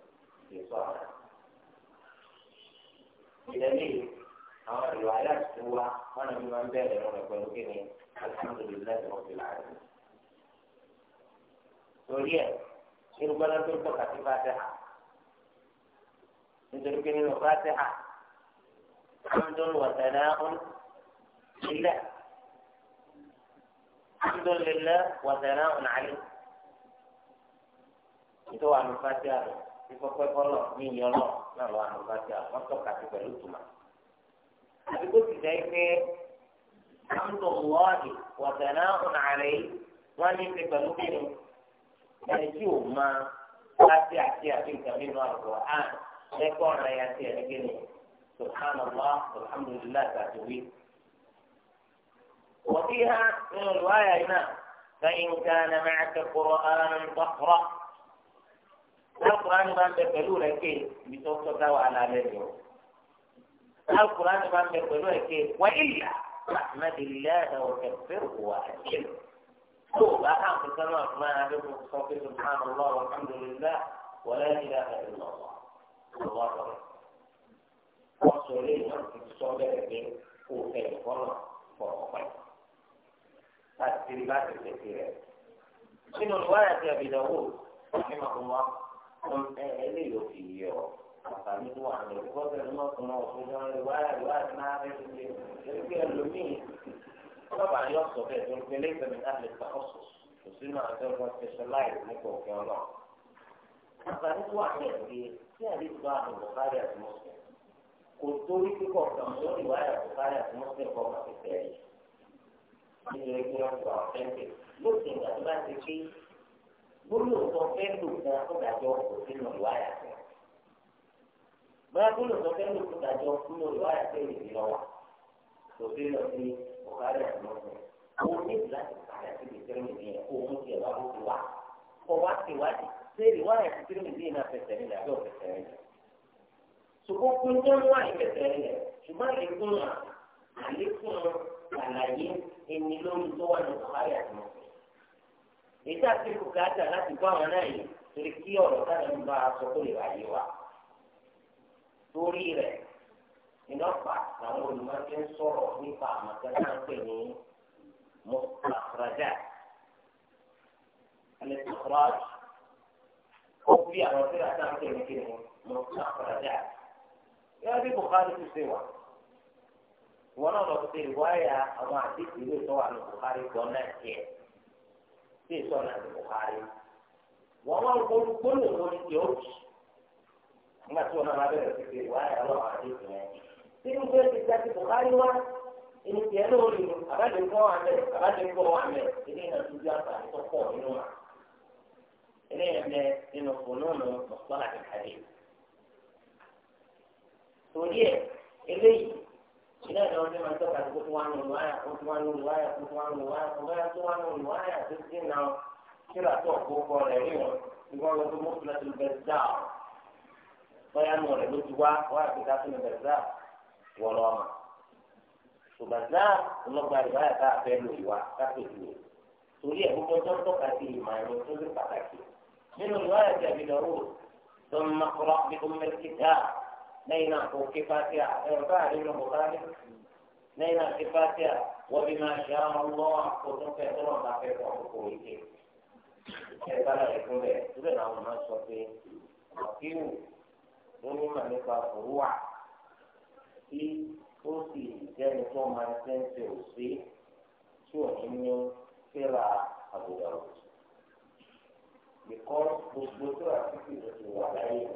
lè sọ àná. ìdẹ́lẹ́ àwọn ìwà aláṣẹ wa wọn ni wọn bẹ̀rẹ̀ wọn pẹ̀lú kí ni alhamdulilayi wọn fi láàyè. torí ẹ irúgbọ́nà tó ń tọ́ka sí fàtẹ́hà nítorí pé nínú fàtẹ́hà àwọn tó ń wọ̀ tẹ̀lé ọ̀hún. لله الحمد لله وثناء عليه nítorí wà ní fati àrò ìfọ̀pẹ́ bọ́lọ̀ ní ìyẹn lọ náà lọ́wọ́ àmì fati àrò wọ́n tọ́ka sí pẹ̀lú tuma. àti kó sì jẹ́ pé àmdò wọ́ọ̀dì wọ̀tẹ̀nà ọ̀nàrẹ́ wọ́n ní ti pẹ̀lú kíni ẹni tí ò máa fati àti àti nǹkan nínú àgọ́ à lẹ́kọ̀ọ́ ọ̀rẹ́ yẹn ti ẹni kíni subhanallah alhamdulilayi àti wíwí. وفيها من الرواية هنا فإن كان معك قرآن فاقرأ القرآن ما تقبلوا لك بتوصل على رجله القرآن ما تقلوه لك وإلا فاحمد الله وكفره وأجله شوف أخاف الكلام ما أعرفه صوتي سبحان الله والحمد لله ولا إله إلا الله الله أكبر وصلي وصلي وصلي وصلي وصلي وصلي láti rí láti tẹ̀sí rẹ̀. nínú ìwádìí àti àbìdánwò ìmọ̀kùnmọ́ eléyìí ò fi yọ àǹfààní tó wà ní ìgbọ́sẹ̀ ní mọ̀kùnmọ́ òfin náà ìwádìí ìwádìí náà rẹ̀ ṣe torí pé ẹlòmíì lọ́ba yọ sọ bẹ́ẹ̀ torí pé lẹ́sẹ̀ mi láti ta ọ̀sọ̀ kò sí náà ẹgbẹ́ wọn specialize nípa òfin ọlọ́ àǹfààní tó wà ní ẹ̀gbẹ́ tí àdéhùn àmì bọ̀kárí àti mọ̀sẹ̀ kò torí kíkọ̀ kan lórí ìwádìí àti mọ̀sẹ̀ kọ̀ nínú ẹgbẹ́ ọ̀sán ọ̀fẹ́ǹtẹ̀ lókè ìgbà tó bá ti pé gbólóòtọ́ fẹ́ lò fún akọ́dàjọ́ sínú ìwà yàtọ̀. bóyá gbólóòtọ́ fẹ́ lò fún ìdájọ́ nínú ìwà yàtọ̀ ìdí lọ́wọ́ kò sínú sí ọ̀kadà ìmọ̀ọ́sẹ̀. àwọn oníṣẹ́ láti padà sí ìgbésẹ̀rẹ̀ nìyẹn kó mú ti ẹ̀wà lóko wá. kọ̀ wá sí ìwádìí sẹ́ẹ̀rì wá àti tìrìmì bíi náà fẹsẹ̀ nílẹ̀ àbẹ́ òfẹsẹ̀ nílẹ̀. ṣùgbọ́n kún tó ń wá ṣùgbọ́n àlàyé ẹni lórí tó wà ní buhari àti mọ̀sẹ̀. èyí tá a ti bùkátà láti bá àwọn náà yìí torí kí ọ̀rọ̀ táwọn ń bá a sọ kó lè wáyé wa. torí rẹ̀ ìlọ́pà làwọn olùmọ̀ọ́dé ń sọ̀rọ̀ nípa àmọ̀tẹ́ náà ń pè ní mọ̀kàkàràjà. alẹ́ tó kọ́ra ó bí àwọn tó yà sáà ń pè ní kíni mọ̀kàkàràjà. bí buhari ti ṣe wà. wọn náà lọ sí ìwáyà àwọn àdéhùn ìwé tó wà Buhari gan náà tiẹ̀ sí ìsọ̀nà ní Buhari wọn wá gbólóhùn lórí tí ó jì nígbà tí wọn náà bá bẹ̀rẹ̀ sí ìwáyà àwọn àdéhùn yẹn tí wọn ti jáde Buhari wá èyí tiẹ̀ lórí àbájọ ìfọ̀ wà mẹ́ àbájọ ìfọ̀ wà mẹ́ ilé ìyàn tó di àgbà tó nínú wa ilé nínú torí iná ìlànà ọdún máa ń tọ́ka tó tún wá nù wáyà tó tún wá nù wáyà tó tún wá nù wáyà tó báyà tó wá nù wáyà tó ti nà ó kíra tó ọ̀kókọ rẹ̀ rí wọn ìwọ́n lọ tó mọ́tò láti bẹ̀ dá ọ báyà nù rẹ̀ ló ti wá wá àgbẹ̀ká tó lè bẹ̀ dá wọ́n lọ́ ọmọ ṣùgbọ́n dá ọlọ́gba ìbáyà tá a fẹ́ lò ìwà káfíń lò torí ẹ̀ gbogbo tó lẹ́yìn náà kò ké fásíà ẹ̀rọ káà nínú bùkárí lẹ́yìn náà ké fásíà ọmọ àkótó fẹ́ tó wọn bá fẹ́ kọ́ ndị ìké ẹ̀ ndị rẹ̀ fún ndị síbẹ̀ làwọn ndị sọ pé ndị ló ní ndị nípa òwúwà ndị ndị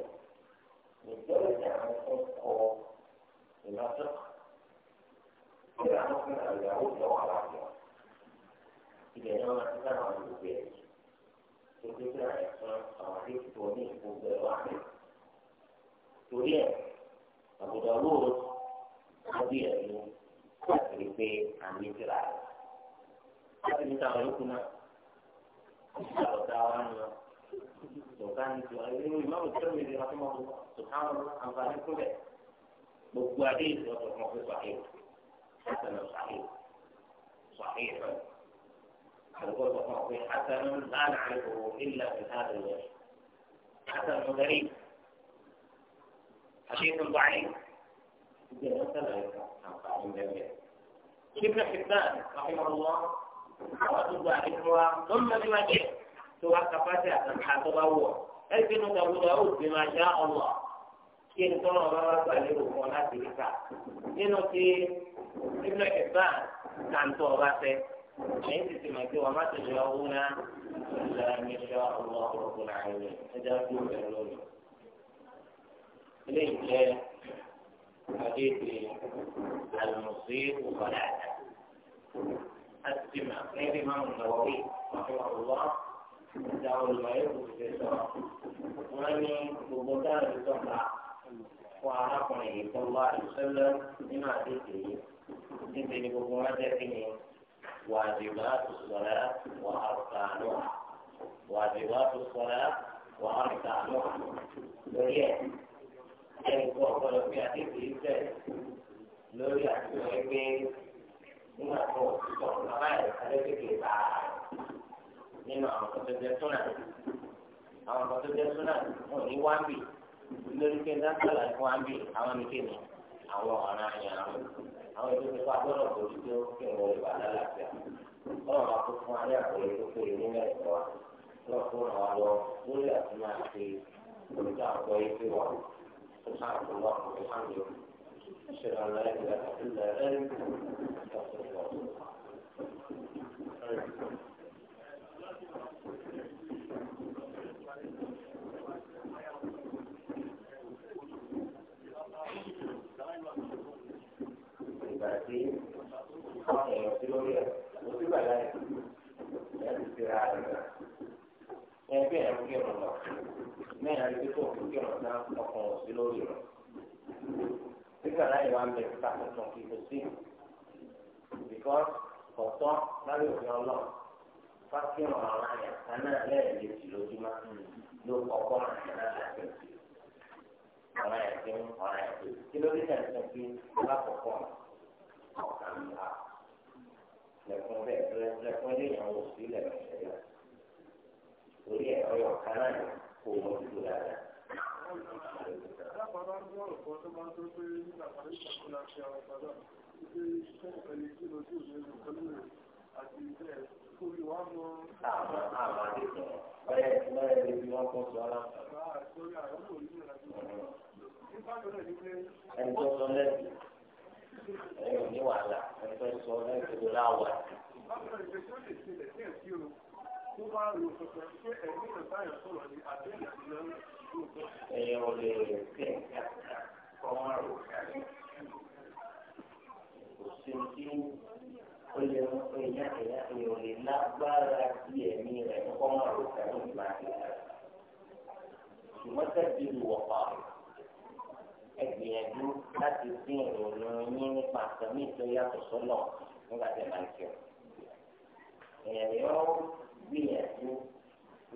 majority àwọn tó kọ ìlànà ìlànà àwọn fún àyàwó ìjọ wà láàyè ilẹ̀ náà wọn ti sábà ń lò bẹ́ẹ̀ tuntun tí àyà kan àwọn àdéhùn tó ní ìgbòho ẹ̀ wà ní. torí ẹ̀ àbùdá lóòrò wọ́n bí ẹ̀rú láti rí pé àmì ìtura rẹ̀ láti ní sáwọn yòókù náà ìṣàlọ̀dá wa nù wọn. وكان يؤيده الإمام الترمذي رحمه الله سبحان الله عن ظاهر كله بقوادين وترحمه في صحيح حسن صحيح صحيح القول ترحمه في حسن لا نعرفه إلا من هذا الوجه حسن غريب حديث ضعيف ابن حبان رحمه الله وأتوا ثم بوجهه tó bá ka fati àtàkà tó bá wọ̀ ẹ̀rí pé nùtà wúlò ó ti máa ṣá ọ̀wọ̀ kí ẹni tó lọ́wọ́ bá gbà lérò wọn láti rí ká nínú ti ibùdó ìbá kàǹtó ọba fẹ́ ẹ̀yìn ti ti máa gbé wọn má ti lọ owó náà ìlà ìṣọ ọ̀wọ̀ ọ̀rọ̀kùn àárín ẹja tó bẹ̀rẹ̀ lónìí. ilé ìjẹ́ àdéhùn àlùmọ̀sí òkàlà àti ti máa ń rí máa ń lọ wí ọ̀rọ̀ ìdáwọ̀ olùmọ̀ yóò kò ṣe sọ wọ́n ní gbogbo dáhùn sọ́ka fún arákùnrin yìí tó wá ìṣẹ̀lẹ̀ nínú àdéhùn yìí níbi ni gbogbo wọn jẹ́ kí ni واجبات الصلاة وأركانها واجبات الصلاة وأركانها وهي أن تقول في حديث lórí àtúnṣe pé nígbà tó ń sọ̀rọ̀ lọ́wọ́ ẹ̀ ká lè nínú àwọn kọtọ jẹ súnà àwọn kọtọ jẹ súnà wọn ní wáńbì lórí pé dákàlà ní wáńbì àwọn nìkéni àwọn ọ̀ràn àyàn àwọn àwọn ètò ìfipá gbọ́dọ̀ bòjú tó kí wọn lè wà lálàáfíà wọn máa kó fún alẹ́ àkọlé tó péye nínú ẹ̀kọ́ wa wọn kó ràn lọ lórí àtúnyà àti olùkọ́ àkọ́ yìí pé wà سبحانك اللهم وبحمدك أشهد أن لا إله إلا أنت ìgbà tí àwọn èèyàn ti lórí ẹ̀ ló ti bàlá ẹ̀ láti fi ra rẹ̀ gbà. ẹ bí ẹ̀ ń kírun lọ mẹ́rin àti tó ń kírun náà ọkàn ò sí lórí rẹ̀. nígbà láyé wa ń bẹ̀ ká tuntun kí kò sí. because ọ̀tọ́ lábẹ́ òfin ọlọ́run fákìrọ̀ àwọn àyàn kan lẹ́yìn méjì lójúmọ́ ló kọ́kọ́ àyàn náà láti ṣe àwọn àyàn tó ń kọ́ àyàn tó kí ló dé tẹ̀sí pé lákọ̀ọ́kọ́ ọ̀kan ń bá lẹ́kùn bẹ́ẹ̀ lẹ́kùn ilé ìyàwó sílẹ̀ lọ́sẹ̀lẹ̀ orí ẹ̀ ọyọ̀ kan náà kò mọ dúdú dáadáa. Alákọ̀ọ́bá ń torí wọn mọ. àmọ́ àmọ́ àti sọ bẹ́ẹ̀ bẹ́ẹ̀ lè fi wọn kọ sọ ara. ẹni tó sọ lẹ́sìn ẹni ò ní wàhálà ẹni tó sọ lẹ́sìn ló láwà. Tó bá lè ṣe nǹkan kan kọ́ máa Kò sí ní kí ó lè mú pé yáàyà ni ò lè lágbára sí ẹ̀mí rẹ̀ kọ́ máa rò sẹ́yìn ìgbà rẹ̀. ṣùgbọ́n sẹ́ẹ̀dì lù wọ̀pá ẹ gbìyànjú láti dín ìròyìn yín nípa àtàmì ìtòyàtọ̀ sọ́nà nígbà tẹ̀ máa ń kí ọ. èèyàn gbìyànjú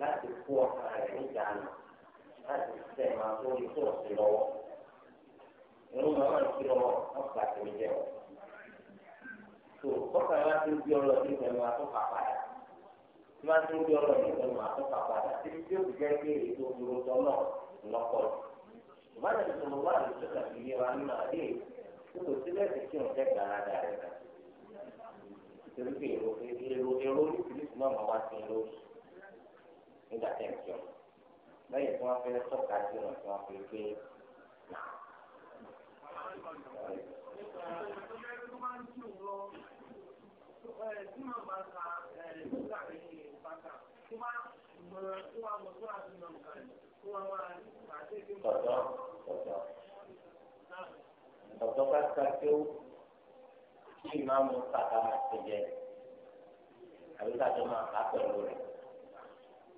láti kó ọkàn rẹ̀ níjànú láti sẹ́ẹ̀ máa tó ikú ọ̀sẹ̀ lọ́wọ́. ìròyìn ọ̀rọ̀ ìkírọ̀ ọ̀pọ̀ àtẹ̀míjẹ́ wọn tó kọ́kà yẹn wá sí ibi ọ̀rọ̀ ní ìfẹ́ wọn àtọ́kà padà tí wọ́n ti ń bí ọ̀rọ̀ ní ìfẹ́ wọn àtọ́kà padà tí tí ó ti jẹ́ pé ètò òfurufú tọ́lọ̀ lọ́pọ̀ jù. ìbára ti sọ̀rọ̀ wá àti sọ́kà fi yé wa nínú àdé tí kò sí lẹ́sẹ̀ kí òun tẹ́gbà ara rẹ̀ kà. nítorí pé èrò èrò oríṣiríṣi náà máa wá sí i nígbà tẹ̀ ń lẹ́yìn tí wọ́n fẹ́ sọ́kà sí ọ̀nà tí wọ́n fi gbé ń kí òun tí màá bá ka ṣúgà rẹ̀ ní ìpàkà tó bá mọ tó wà mọ tó wà sí mọ nǹkan tó wà máa pàṣẹ kí n bọ̀. ọ̀dọ́ ọ̀dọ́ ọ̀dọ́ bá ká kí ó kí màá mú kàkà máa jẹ àbí kàkà máa ká pẹ̀lú rẹ̀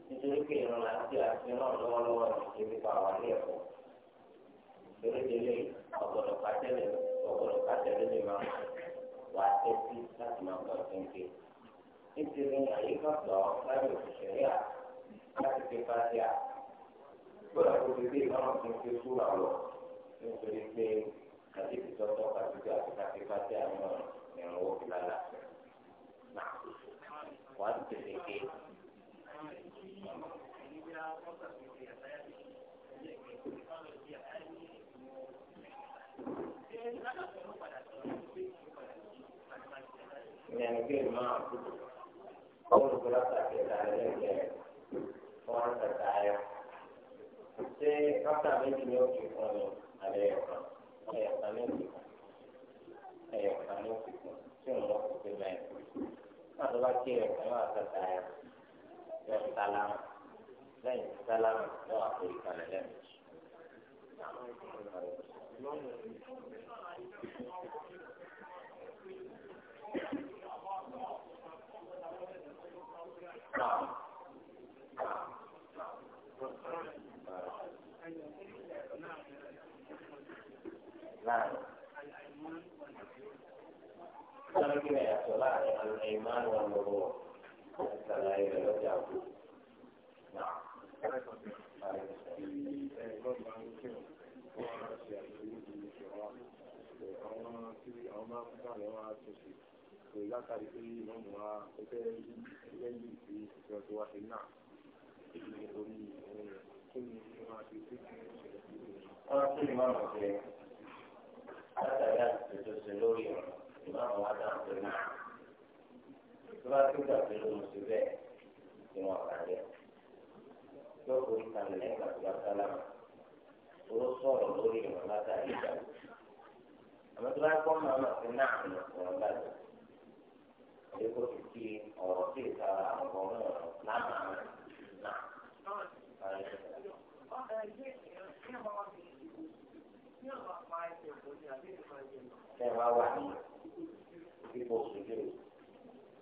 nítorí pé ìrìn àti àti náà lọ́wọ́lọ́wọ́ ní ibi pa wà ní ẹ̀kọ́ lórí délé ọ̀gbọ̀dọ̀ pàtẹ́lẹ̀ ọ̀gbọ̀dọ̀ pàtẹ́lẹ̀ ní màá mú wà á tẹ́tí láti máa gbọ́ kéńké. nítorí àyíká sọ lábẹ́ òṣìṣẹ́ yà láti fi pàṣẹ à. gbọ́dọ̀ kó ti dé ìbámu tó ń fi súra lọ nítorí pé àti ìtọ́tọ́ pàṣẹ àti pàṣẹ pàṣẹ àwọn ìrànwọ́ fi lálà. wà á tètè ké. ìyẹn kí Kalau kita ya solat dengan iman dan nurul, kalau kita ya jauh. Nah, Àwọn tí àwọn máa ń bá lọ́wọ́ á tó ṣe kò látàrí pé ìmọ̀mù wa ó lẹ́yìn sí ìṣẹ́ tó wá sí náà èyí orí kí ni wọ́n á fi sí wọ́n á tún ìmọ̀mù jẹ àtàrí àtúntò lórí ìmọ̀mù wa dáa pé náà tó bá tún gbà pé lóun sí bẹ́ẹ̀ ni wọ́n kà jẹ́ tó kò ní kàmì lẹ́yìn àti wá sálámà ó sọ̀rọ̀ lórí ọ̀rọ̀ látàrí ìgbà àmọ́ tó bá kọ́ mọ́ ọmọ èkó ti di ọ̀rọ̀ sí ìta àwọn ọmọ lánà nà. Ṣé máa wà ní ipò òṣèlú?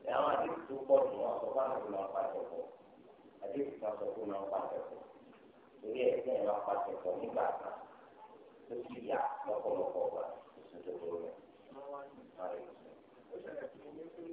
Ṣé àwọn àdéhùn tó pọ̀ jù wọn sọ fáwọn ìlú ọ̀pá ìjọba? Àdéhùn kan sọ fún ìlú ọ̀pá ìjọba. Torí ẹ̀ sí ìlú ọ̀pá nígbà kan tó sì yà lọ́pọ̀lọpọ̀ ọ̀gbà òṣèlú tó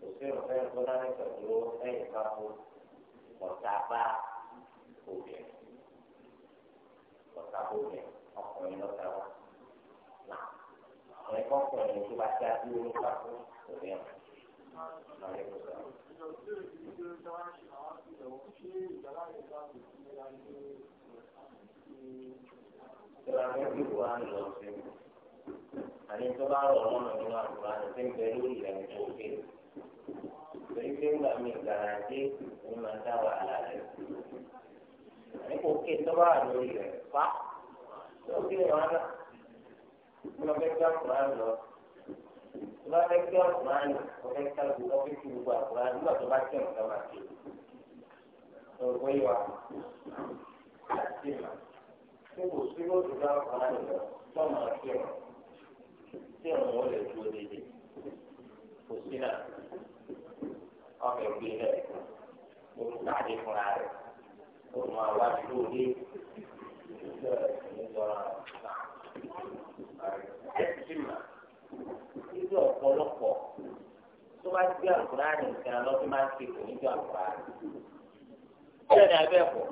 kò sí ìrọ̀lẹ́ ìgbọ́dá ní pẹ̀lú ẹ̀yìn káfó ọ̀tá bá obìnrin ọkùnrin lọ́tà wá. Àwọn ẹ̀kọ́ ọkùnrin tó bá ti á ní káfó obìnrin. Ìlànà ìwà ń torí pé ńgbà mi gbàrà dé ní máa dá wàhálà rẹ nípa òkè tó bá wà rẹ fa tó kí ni wàhálà tí wọn fẹ́ kí ọkùnrin àná tí wọn fẹ́ kí ọkùnrin àná wọn fẹ́ kí ọkùnrin wọn fẹ́ kí gbogbo àkùnrin àná nígbà tó bá tẹ̀ wọn lọ́wọ́ àti òwò ìwà àti ìmọ̀ tí kò sí lóṣù bá ọkùnrin àná lọ tó máa kí ọ tí ọ̀nà wọn lè dúró déédéé kò ọmọ ìgbé rẹ̀ olùkàdé fúnra rẹ̀ olùmọ̀ àwájú lóde ìjọ ìjọra ẹ̀sìmà níbi ọ̀pọ̀lọpọ̀ tó bá gbé àkùrá rẹ̀ nìkan lọ́dún máa ń ṣe kò níjọ àkùrá rẹ̀ bẹ́ẹ̀ ni abẹ́ pọ̀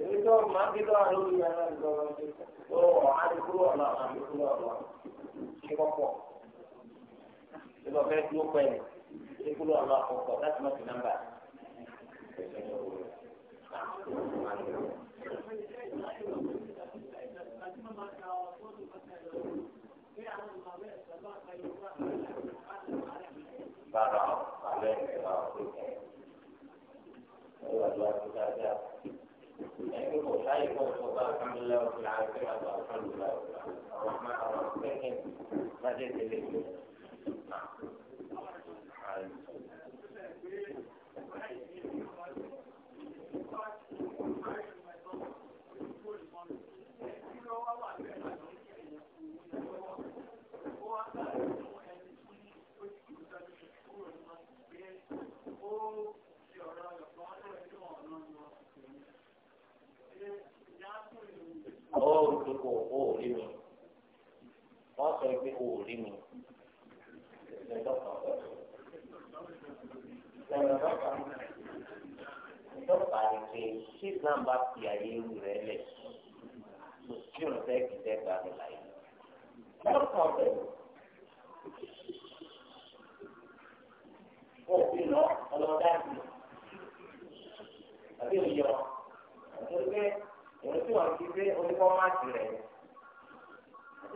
èmi tó máa ń gbé lọ́wọ́ lórí ẹ̀rọ ìjọba ọ̀hún àdìgbò ọ̀la àdìgbò ọ̀la ṣe kọ́kọ́ ló bá fẹ́ dúró pẹ́ ẹ̀ ṣé kó ló àwọn àkọ́kọ́ láti má fi nọ́mbà. Bàbá àlẹ́ ìgbà òkè ẹ̀ wà lọ́wọ́ dáadáa. لكن هو شايف والله الحمد لله رب العالمين والحمد لله رب العالمين الرحمن الرحيم ما جيت اليه ọwọ́ òdòdó kò rí mi wọ́n sọ pé ó rí mi. sọ̀rọ̀ lọ́pàá lọ́pàá ni fi àyè irú rẹ̀ lẹ̀ kò sí òun fẹ́ kí fẹ́ gbà mí láyé lọ́pàá ọ̀bẹ òfin lọ ọlọ́dà sí àbí òyọ àti pé òun tí wọ́n ti gbé oníkọ́ máàkì rẹ̀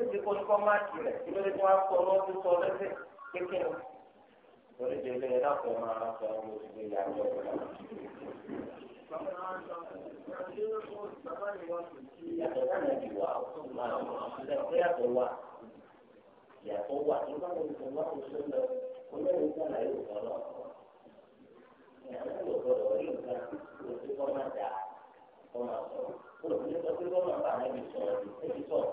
àti pé oníkọ́ máàkì rẹ̀ kí ló dé tí wọ́n á kọ́ sọ lẹ́sẹ̀ kékeré torí de ilé ẹ̀dá fẹ́ máa sọ ọmọ òṣèlú ìyá rẹ̀ ọ̀gá. Yàtọ̀ sáyẹn ti wà ó máa ń lẹ pé yàtọ̀ wà yàtọ̀ wà tó bá wọn sọ wọn sọ lọ olóyún sára yóò sọ lọ. Ìyàtọ̀ gbọdọ̀ rí nǹkan tó kọ́ máa dà kọ́ sọ. Olùkọ́ ní kọ́ máa bá àwọn ẹbí sọ̀rọ̀ ẹbí sọ̀rọ̀.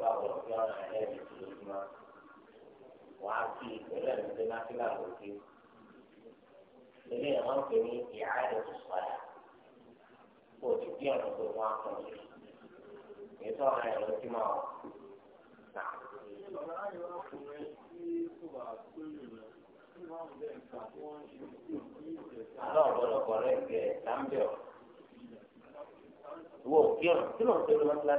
wà bọ̀ sí ọ̀nà ẹlẹ́yìn tó lójúmọ́ wà á ìpínlẹ̀ ní nákìlá ló dé ilé yẹn wọ́n pè ní ìhádẹ́ tó padà kó ti bí ọ̀nà tó wọ́n kàn yìí èyí tó ọ̀nà ẹ̀rọ tí máa nà. Àlọ́ ọ̀pọ̀lọpọ̀ rẹ̀ ń bẹ̀ kí ọ̀nà tí lóun tó lọ́ọ́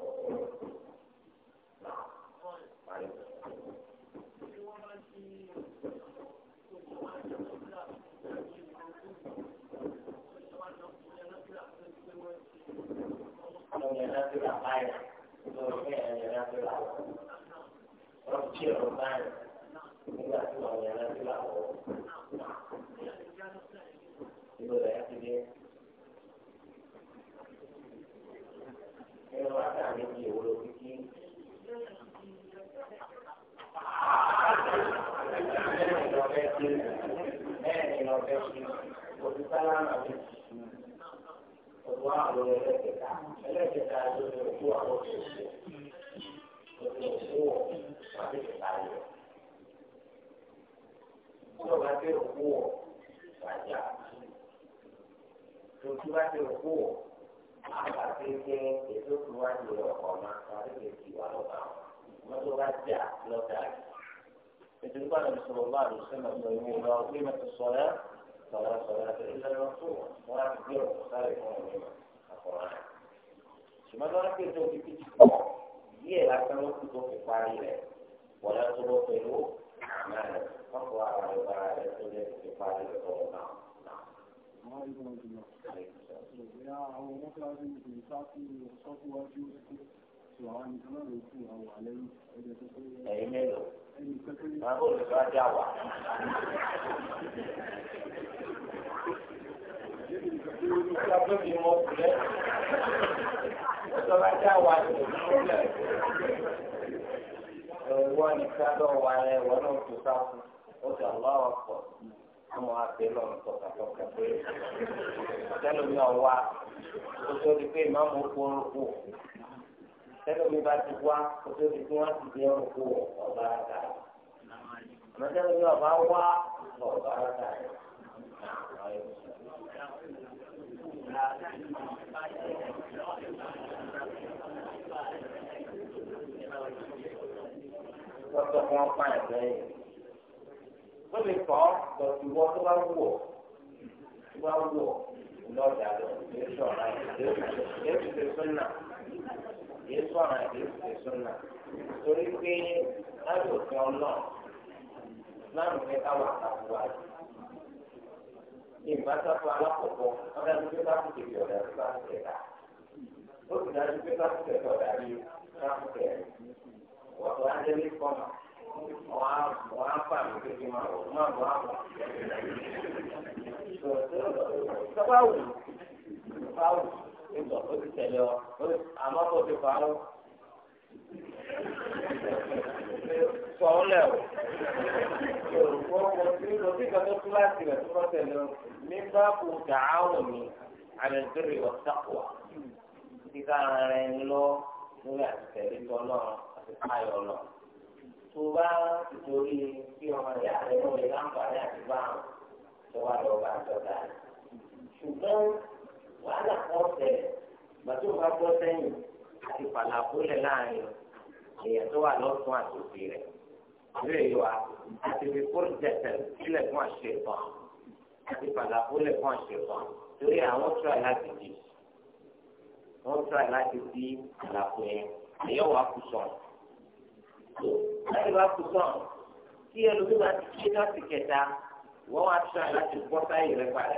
fìlà báyà lórí bẹ́ẹ̀ ni ẹ̀yà fìlà wọ̀. wọ́n báyà nígbà tí wọ́n yẹn ẹ̀yà fìlà wọ̀. ìlú rẹ̀ ti dé. ẹ̀rọ àtàlẹ́ di ìwúlò kíkí. Bẹ́ẹ̀ni lọ́bẹ̀ sí, òtítọ́ lánàá lè ṣí, òtún àwọn fẹ́ òkú wọ̀ wájà tó tí wá fẹ́ òkú wọ̀ àgbà pé kí èso tó wá ní ọkọ̀ máa sáré lè fi wà lọ́ba wọn tó bá jà lọ́dà yìí. nítorí bá lọ́dún sọ̀rọ̀ bá lọ́dún sọ̀rọ̀ lọ́dún ìwé lọ bí wọ́n ti sọ ẹ́ sọ̀rọ̀ sọ̀rọ̀ àti ilẹ̀ lọ tó wọ́n á ti gbé ọ̀pọ̀ sáré fún ọ̀rọ̀ ìmọ̀ àkọ́rọ̀ rẹ̀. ṣùgbọ́n tó wá pé tó fi kí díẹ̀ lásán ló kù tó fi parí rẹ̀ wọ́n lọ أعماله تقوى على البراءة الدنيا في قال القول نعم نعم. وعليكم السلام. يا أبو بكر بن سعد صفوة يوسف سواء كان أو عليه إذا تقول. أي ميلو. ما أقول لك راجع واحد. ìjọba bí mo kù lẹ́yìn. Ó sọ ma já wa ní ìlú lẹ́yìn ẹ̀wọ́ nìkan lọ wà ẹ̀ wọ́n náà tó sáfù ó sì aláwọ̀ pọ̀ àwọn àti lọ́nà tọkàtọkà pé tẹ́lómi ọ̀wá ó tó di pé ìmáàmù okòókò tẹ́lómi bá ti wá ó tó di pé wọ́n ti di ọkọ̀ ọ̀bá àgbà àmọ́ tẹ́lómi ọ̀bá wá ọ̀bá àgbà Thank you. wọ́n sọ fún wọn pààyàn lẹ́yìn ó lè kọ́ lọ sí tó bá wù ọ́ tó bá wù ọ́ lọ́ọ̀dà lọ kìí sọ̀rọ̀ àyè kìí ṣe sọ́nà kìí sọ̀rọ̀ àyè kìí ṣe sọ́nà torí pé láti òfin ọlọ́ọ̀ láàmú fẹ́ káwà àbúrò àyè ìgbà sáfù alákọ̀ọ́kọ́ ọ̀dà tó gbé sáfù kejì ọ̀dà tó sáfù kẹta ó sì dájú pé sáfù kẹta ọ̀dà yìí sáfù kẹrin wọ́n á jẹ́ ní kọ́mà wọ́n á fà mí pé kí n máa wọ̀ máa bọ̀ á bọ̀. Sọ́kà wù ó ti tẹ̀lé ọ àmọ́ kò ti fà á wọ̀. Sọ ọ́ lẹ̀ o. Yorùbá ọmọ tí ó lọ sí ìgbàgbọ́ kíláàsì rẹ̀ tó àti ayọ̀ lọ. tó bá torí kí ọmọ ìyá rẹ ló lè láǹfààní àti bá àwọn tó wà lọ bá àjọta rẹ. ṣùgbọ́n wàhálà kan tẹ̀ gbàtó bá gbọ́ sẹ́yìn àti pàlàbólẹ̀ láàrin èèyàn tó wà lọ́sùn àtòsí rẹ̀. ilé ìwà àti rìpọ́tì jẹ̀tẹ̀ sílẹ̀ fún àṣepọ̀n àti pàlàbólẹ̀ fún àṣepọ̀n torí àwọn tó àláti dì wọ́n tó àláti dì àlàfo yẹn àyẹ̀wò àkùsọ̀rọ̀ láti bá kú sàn kí ẹlòmíì bá ti kí láti kẹta wọ́n wá tún láti bọ́ sáyé rẹ padà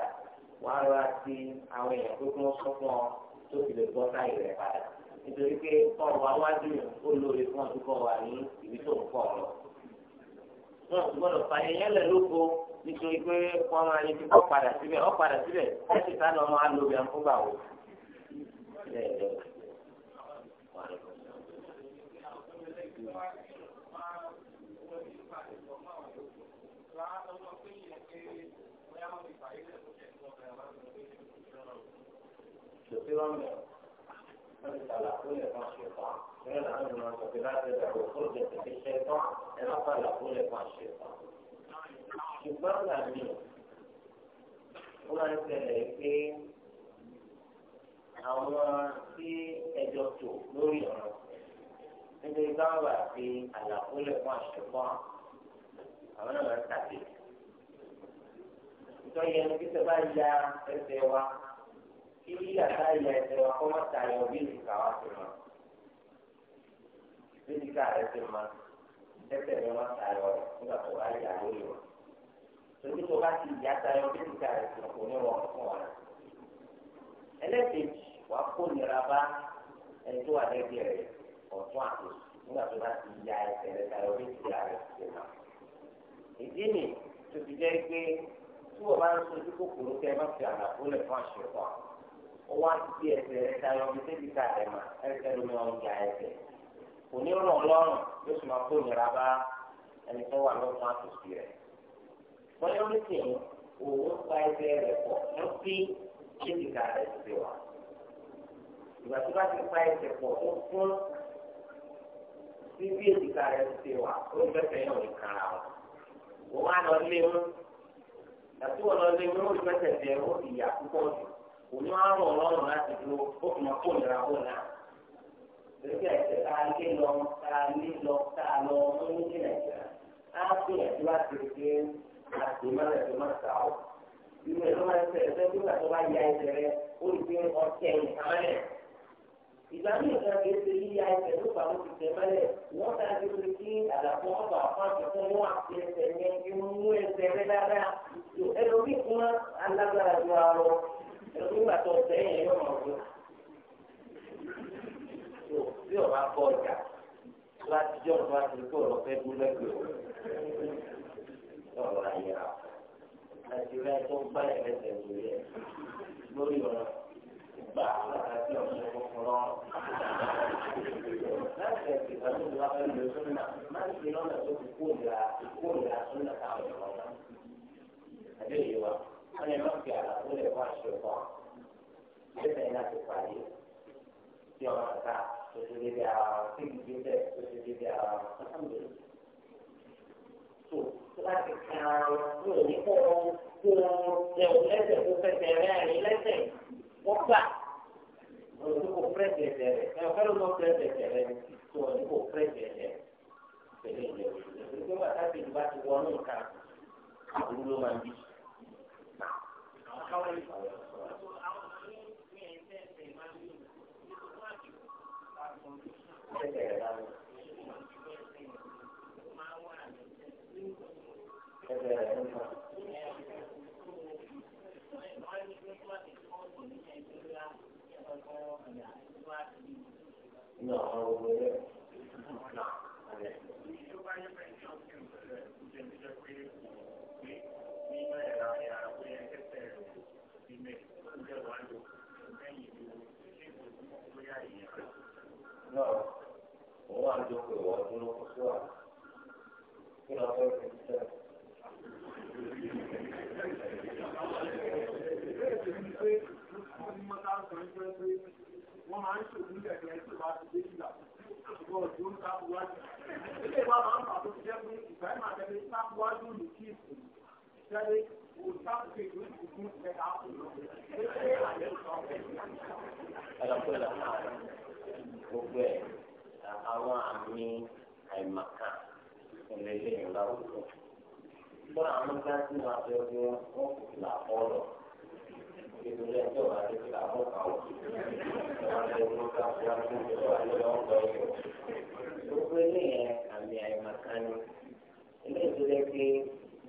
wọ́n á lọ sí àwọn èèyàn tó kún sọ fún ọ tó fi lè bọ́ sáyé rẹ padà nítorí pé ọrọ̀ awájú ó lóore fún ọdún kan wà ní ibi tó ń pọ̀ lọ. wọn kò gbọdọ̀ fàyè yẹn lẹ̀ lóko nítorí pé wọn máa ní kí wọ́n padà síbẹ̀ wọ́n padà síbẹ̀ láti sá lọ́ máa lo ìyàn fúngbà wò. يصيرون مثل العقول مع الشيطان من عن المنصبات تدعو خرجة في الشيطان إلى العقول مع الشيطان شيطان لأمين wọ́n ti rẹ̀ pé àwọn tí ẹjọ́ tó lórí ọ̀rọ̀ nítorí káwọn bá fi àlàfo lè fún àṣepọ̀ àwọn náà máa ń tàbí. ìtọ́ yẹn ní kíkẹ́ bá ya ẹsẹ̀ wa kí yíyà bá ya ẹsẹ̀ wa kọ́ máa tayọ bí ìdìkà wa ti mọ̀. bí ìdìkà rẹ̀ ti mọ̀ ẹsẹ̀ rẹ̀ máa tayọ nígbà tó bá ya lórí wa. torí tó bá ti yà tayọ bí ìdìkà rẹ̀ ti mọ̀ kò ní wọ́n fún wa. ẹlẹ́kẹ̀ẹ́jì wàá kó nira bá ẹni tó wà lẹ́gbẹ̀ẹ́ rẹ̀ ọ̀tún àti nígbà tó bá ti ya ẹsẹ̀ rẹ̀ tayọ bí ti ya rẹ̀ ti ma. ìdí ni tó ti jẹ́ pé tí wọ́n bá ń sojú kòkòrò kẹ́ ẹ má fi àlàfo lẹ̀ fún àṣẹ wa ó wá ti ẹsẹ̀ rẹ̀ tayọ bí tẹ́bi ká rẹ̀ mà ẹsẹ̀ ló ní wọn ya ẹsẹ̀. kò ní ràn lọ́rùn yóò sì máa kó ìnira bá ẹni tó wà lọ́tún àtòsí rẹ̀. wọ́n yọ ní tèmi òun pa ẹsẹ̀ rẹ̀ pọ̀ ló fi tẹ́bi ká rẹ̀ ti wà. ìgbà bí bí èjìká rẹ̀ ti wà ó ń fẹ́fẹ́ yàn ní kara wọn. Wọ́n wá lọ lé mú. Àti wọ́n lọ lé mú ó fẹ́fẹ́ jẹ ó sì yà púpọ̀ jù. Òní wá rọ̀ lọ́rùn láti dúró ó fi máa fóònù ra fóònù náà. Ìgbésẹ̀ ẹ̀sẹ̀ ká lé lọ ká lé lọ ká lọ mú ní Nàìjíríà. Á fi ẹ̀sẹ̀ wá ti gbé àti tó máa ta ọ́. Ìlú ẹ̀ máa ń tẹ̀ ẹ̀sẹ̀ nígbà tó bá ya ẹsẹ̀ rẹ̀ àwọn ti tẹ̀ mẹ́lẹ̀ wọ́n ta ti rí kí àlàfo wọn bá fún àtẹ̀kọ́ wọn àti ẹsẹ̀ yẹn ti mú ẹsẹ̀ rẹ dáadáa tó ẹlòmíì fún wa alágbára ju arọ ẹlòmíì bàtọ̀ ọ̀sẹ̀ yẹn yọ̀ mọ̀ ọ́ tó bí ọba kọ ọjà láti jọ ọba ti kó ọ̀rọ̀ fẹ́ dúró lẹ́gbẹ̀ẹ́ ọ̀rọ̀ àyà àti rẹ tó gbá ẹ̀rẹ́sẹ̀ lórí ọ̀rọ̀ gbà láti ṣe ọ̀ṣẹ́ kọ̀ọ̀rọ̀ láti ẹ̀sìn kan tó wá fẹ́ lọ sórí náà máa ń ṣe lọ́nà tó fi kó ìlà kó ìlà sórí náà táwọn ọ̀rọ̀ náà. àbí èyí wa wọ́n yẹ máa fi àlà tó lè wá ṣe kọ́ lẹ́sẹ̀ yìí láti parí tí ọmọ kàkà tó ti lé bí ara wọn tí ìdí bẹ́ẹ̀ tó ti lé bí ara wọn sáńdé. tó tó bá ti kàn án lóòní kó wọn kó wọn lẹ́sẹ̀ kó fẹsẹ̀ rẹ́rìn lẹ́sẹ̀ wọ́n gbà ọ̀rọ̀ tó kò fẹ́ẹ̀sì ẹ̀sẹ̀ rẹ̀ ẹ̀ ọ̀fẹ́ ló lọ fẹ́ẹ̀sì ẹ̀sẹ̀ rẹ̀ tó ọ̀ ní kò fẹ́ẹ̀sì ẹ̀sẹ̀ pẹ̀lú ìjẹ́ òṣèlú tó wà láti ìlú bá ti wọ inú nǹkan àbúrú ló máa ń bí. Thank you. nínú àwọn ọmọ ẹgbẹ́ rẹ̀. náà òun wà ní ìjókòó ìwà dúró kó sí wà kí lọ fẹ́ fi sẹ́. Thank you wọ́n máa ń ṣòwò nílẹ̀ ẹ̀jẹ̀ tí ó bá ti dé ìlà ìwọ òjò ń sáfù wájú. ilé ìwà máa ń fà tó jẹ́ pé ìgbà ìmọ̀ àtẹ̀lé sáfù wájú ní kí ìsìn tẹ́lẹ̀ òṣàfù kejì ó ti kún ẹ̀ka kù lọ. ẹlọpẹlọ gbogbo ẹ àwọn àmì àìmọ̀ká ìrẹ̀lẹ̀ ìlà òkú. Bọ́lá àwọn gbáàsì máa fẹ́ nítorí ẹjọ́ ni. pé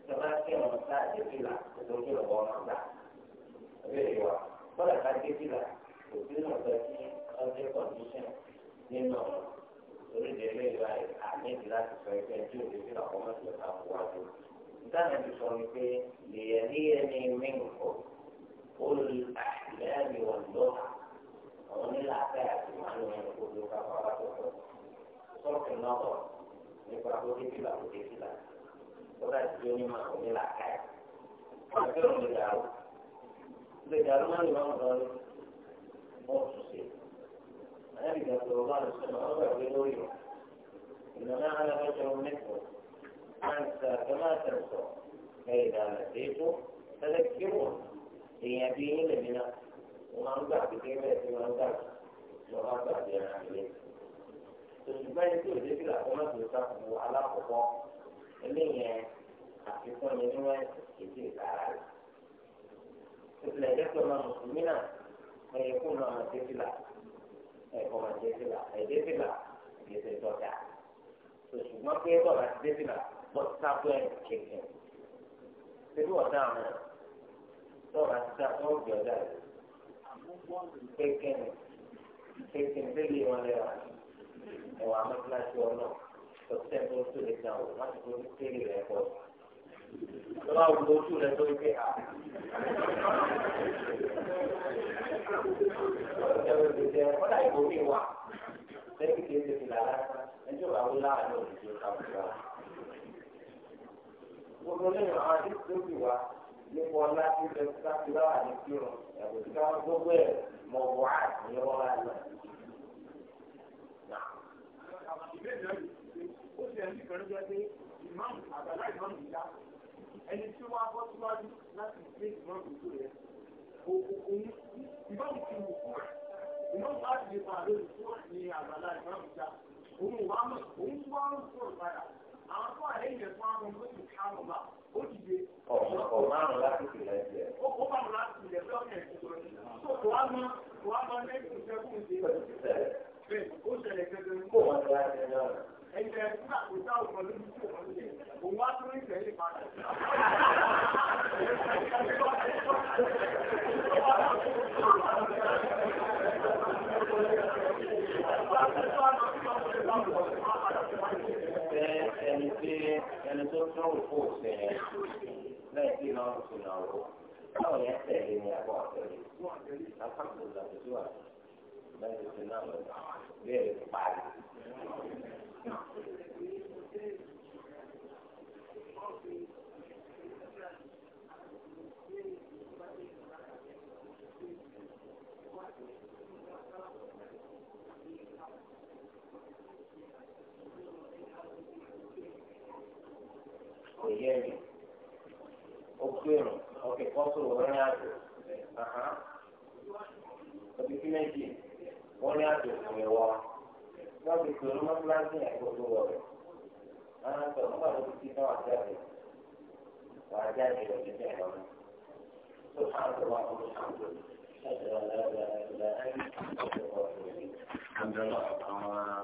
ìjọba kẹ́wọ̀n sáà ti kò olùlàkìlẹ́yìn wọ̀nyọ́ àwọn onílàkà àti màlúù yẹn kò ló ká bàbá tó tọ̀ sọ́ọ̀kì náà bọ̀ nípa bókè fìlà bókè fìlà ó dà sí onímọ̀ àwọn onílàkà yẹn. àti òun lè dàrú lè dàrú má lè má mọ̀ lọ́rùn mọ́ òtún sí i. àyà ìgbà tó bá lọ sí ọmọ ọgbà gbé lórí rẹ̀ ìnáná alábẹ́jọ́ mẹ́kọ̀ọ́ àǹtà kẹ́mà tẹ̀sọ̀ ẹ̀yìn dàrú ètò tẹ́lẹ̀ kí wọ́n èèyàn bíi yín lèmi náà mo gbà pé kí tí wọ́n gbà lọ bá gbà bí ara mi. òṣùgbọ́n ẹni tí òde bí làkọ́ má tó sáfù alákọ̀ọ́kọ́ eléyẹn àfikún ni nínú ètò ìtara rẹ̀. ìpìlẹ̀ ìdẹ́kọ̀ náà mùsùlùmí náà ẹ̀yẹ kó náà máa dé fìlà ẹ̀kọ́ máa dé fìlà ẹ̀dẹ́ fìlà gbèsè dọ̀dà. òṣùgbọ́n pé bọ́ọ̀lù àti dé fìlà bọ́ọ̀ sáfù kéèké. ṣé bí dáhùn náà lọ́wọ́ àti sáà tó ń gbé ọ̀dà kékeré kékeré lórí wọn lẹ́wà ẹ̀wà mọ́tíláṣí ọlọ́ ọ̀sẹ̀ tó ń tóbi náà wò wọ́n ti tó kéré rẹ̀ pọ̀ lọ́wọ́ àwọn ojú rẹ̀ tó ń gbé ha. ẹ̀rọ ìgbésẹ̀ ọ̀dà ìbò mi wà lẹ́yìn tí ó ti fi làlá ẹjọ́ àwọn láàánú òṣìṣẹ́ kàwé wa. gbogbo lẹ́yìn àwọn tó ti wà nípa ọlá tí lè fi sáfìlà wà ní kírun ẹ̀bùn tí káwọn gbogbo ẹ̀ mọ̀ wá ní ọlá náà. ó ti ẹni kan jẹ́ pé ìmáàmù àgbàlá ìmáàmù yá ẹni tí wọ́n á bọ́ síwájú láti gbé ìmáàmù tó yẹ òun ìmáàmù ti wù fún ẹ̀ ìmáàmù láti lè pa lórí fún ẹ̀ ní àgbàlá ìmáàmù yá òun wà mọ̀ òun tí ń sọ̀rọ̀ padà àwọn fún àlẹ́ ìyẹn fún àwọn ọmọ tó ti ká ọ̀la ó ti ọ̀pọ̀ márùn-ún lásìkò lẹ́jẹ̀. ọ̀pọ̀ márùn-ún lásìkò lẹ́jẹ̀ lọ́kẹ̀ ìṣòro ní ọ̀pọ̀ wá mọ́ wá mọ́ lẹ́yìn ìṣẹ́gun ìṣe. bẹ́ẹ̀ ó ṣẹlẹ̀ gẹ́gẹ́ kó wọ́n ti láti ẹjọ́ rẹ̀. ẹ̀jẹ̀ nígbà tó dá òkò lójú tó wọ́n lè òun wá tó ìfẹ́ lè padà. ẹni tí ẹni tó tún òkú òfin láìsí ìlànà oṣù ìlànà báwo yẹn tẹ̀lé ní àbọ̀ àtẹ̀lé lápapọ̀ ìlànà wà lẹ́yìn oṣù bẹ́ẹ̀ parí. gbèrò ọ̀kẹ́ kọ́sù orin àjò ọdún sí méjì orin àjò ìwé wa wọ́n ti pè ọmọ fúláṣí ẹ̀kọ́ tó wọ̀ rẹ̀ wọ́n á sọ nígbà tó ti tán àjáde wọ́n àjáde ọ̀dún tẹ̀ lọ́nà tó hàn tó wà fún ìṣàkóso. الحمد لله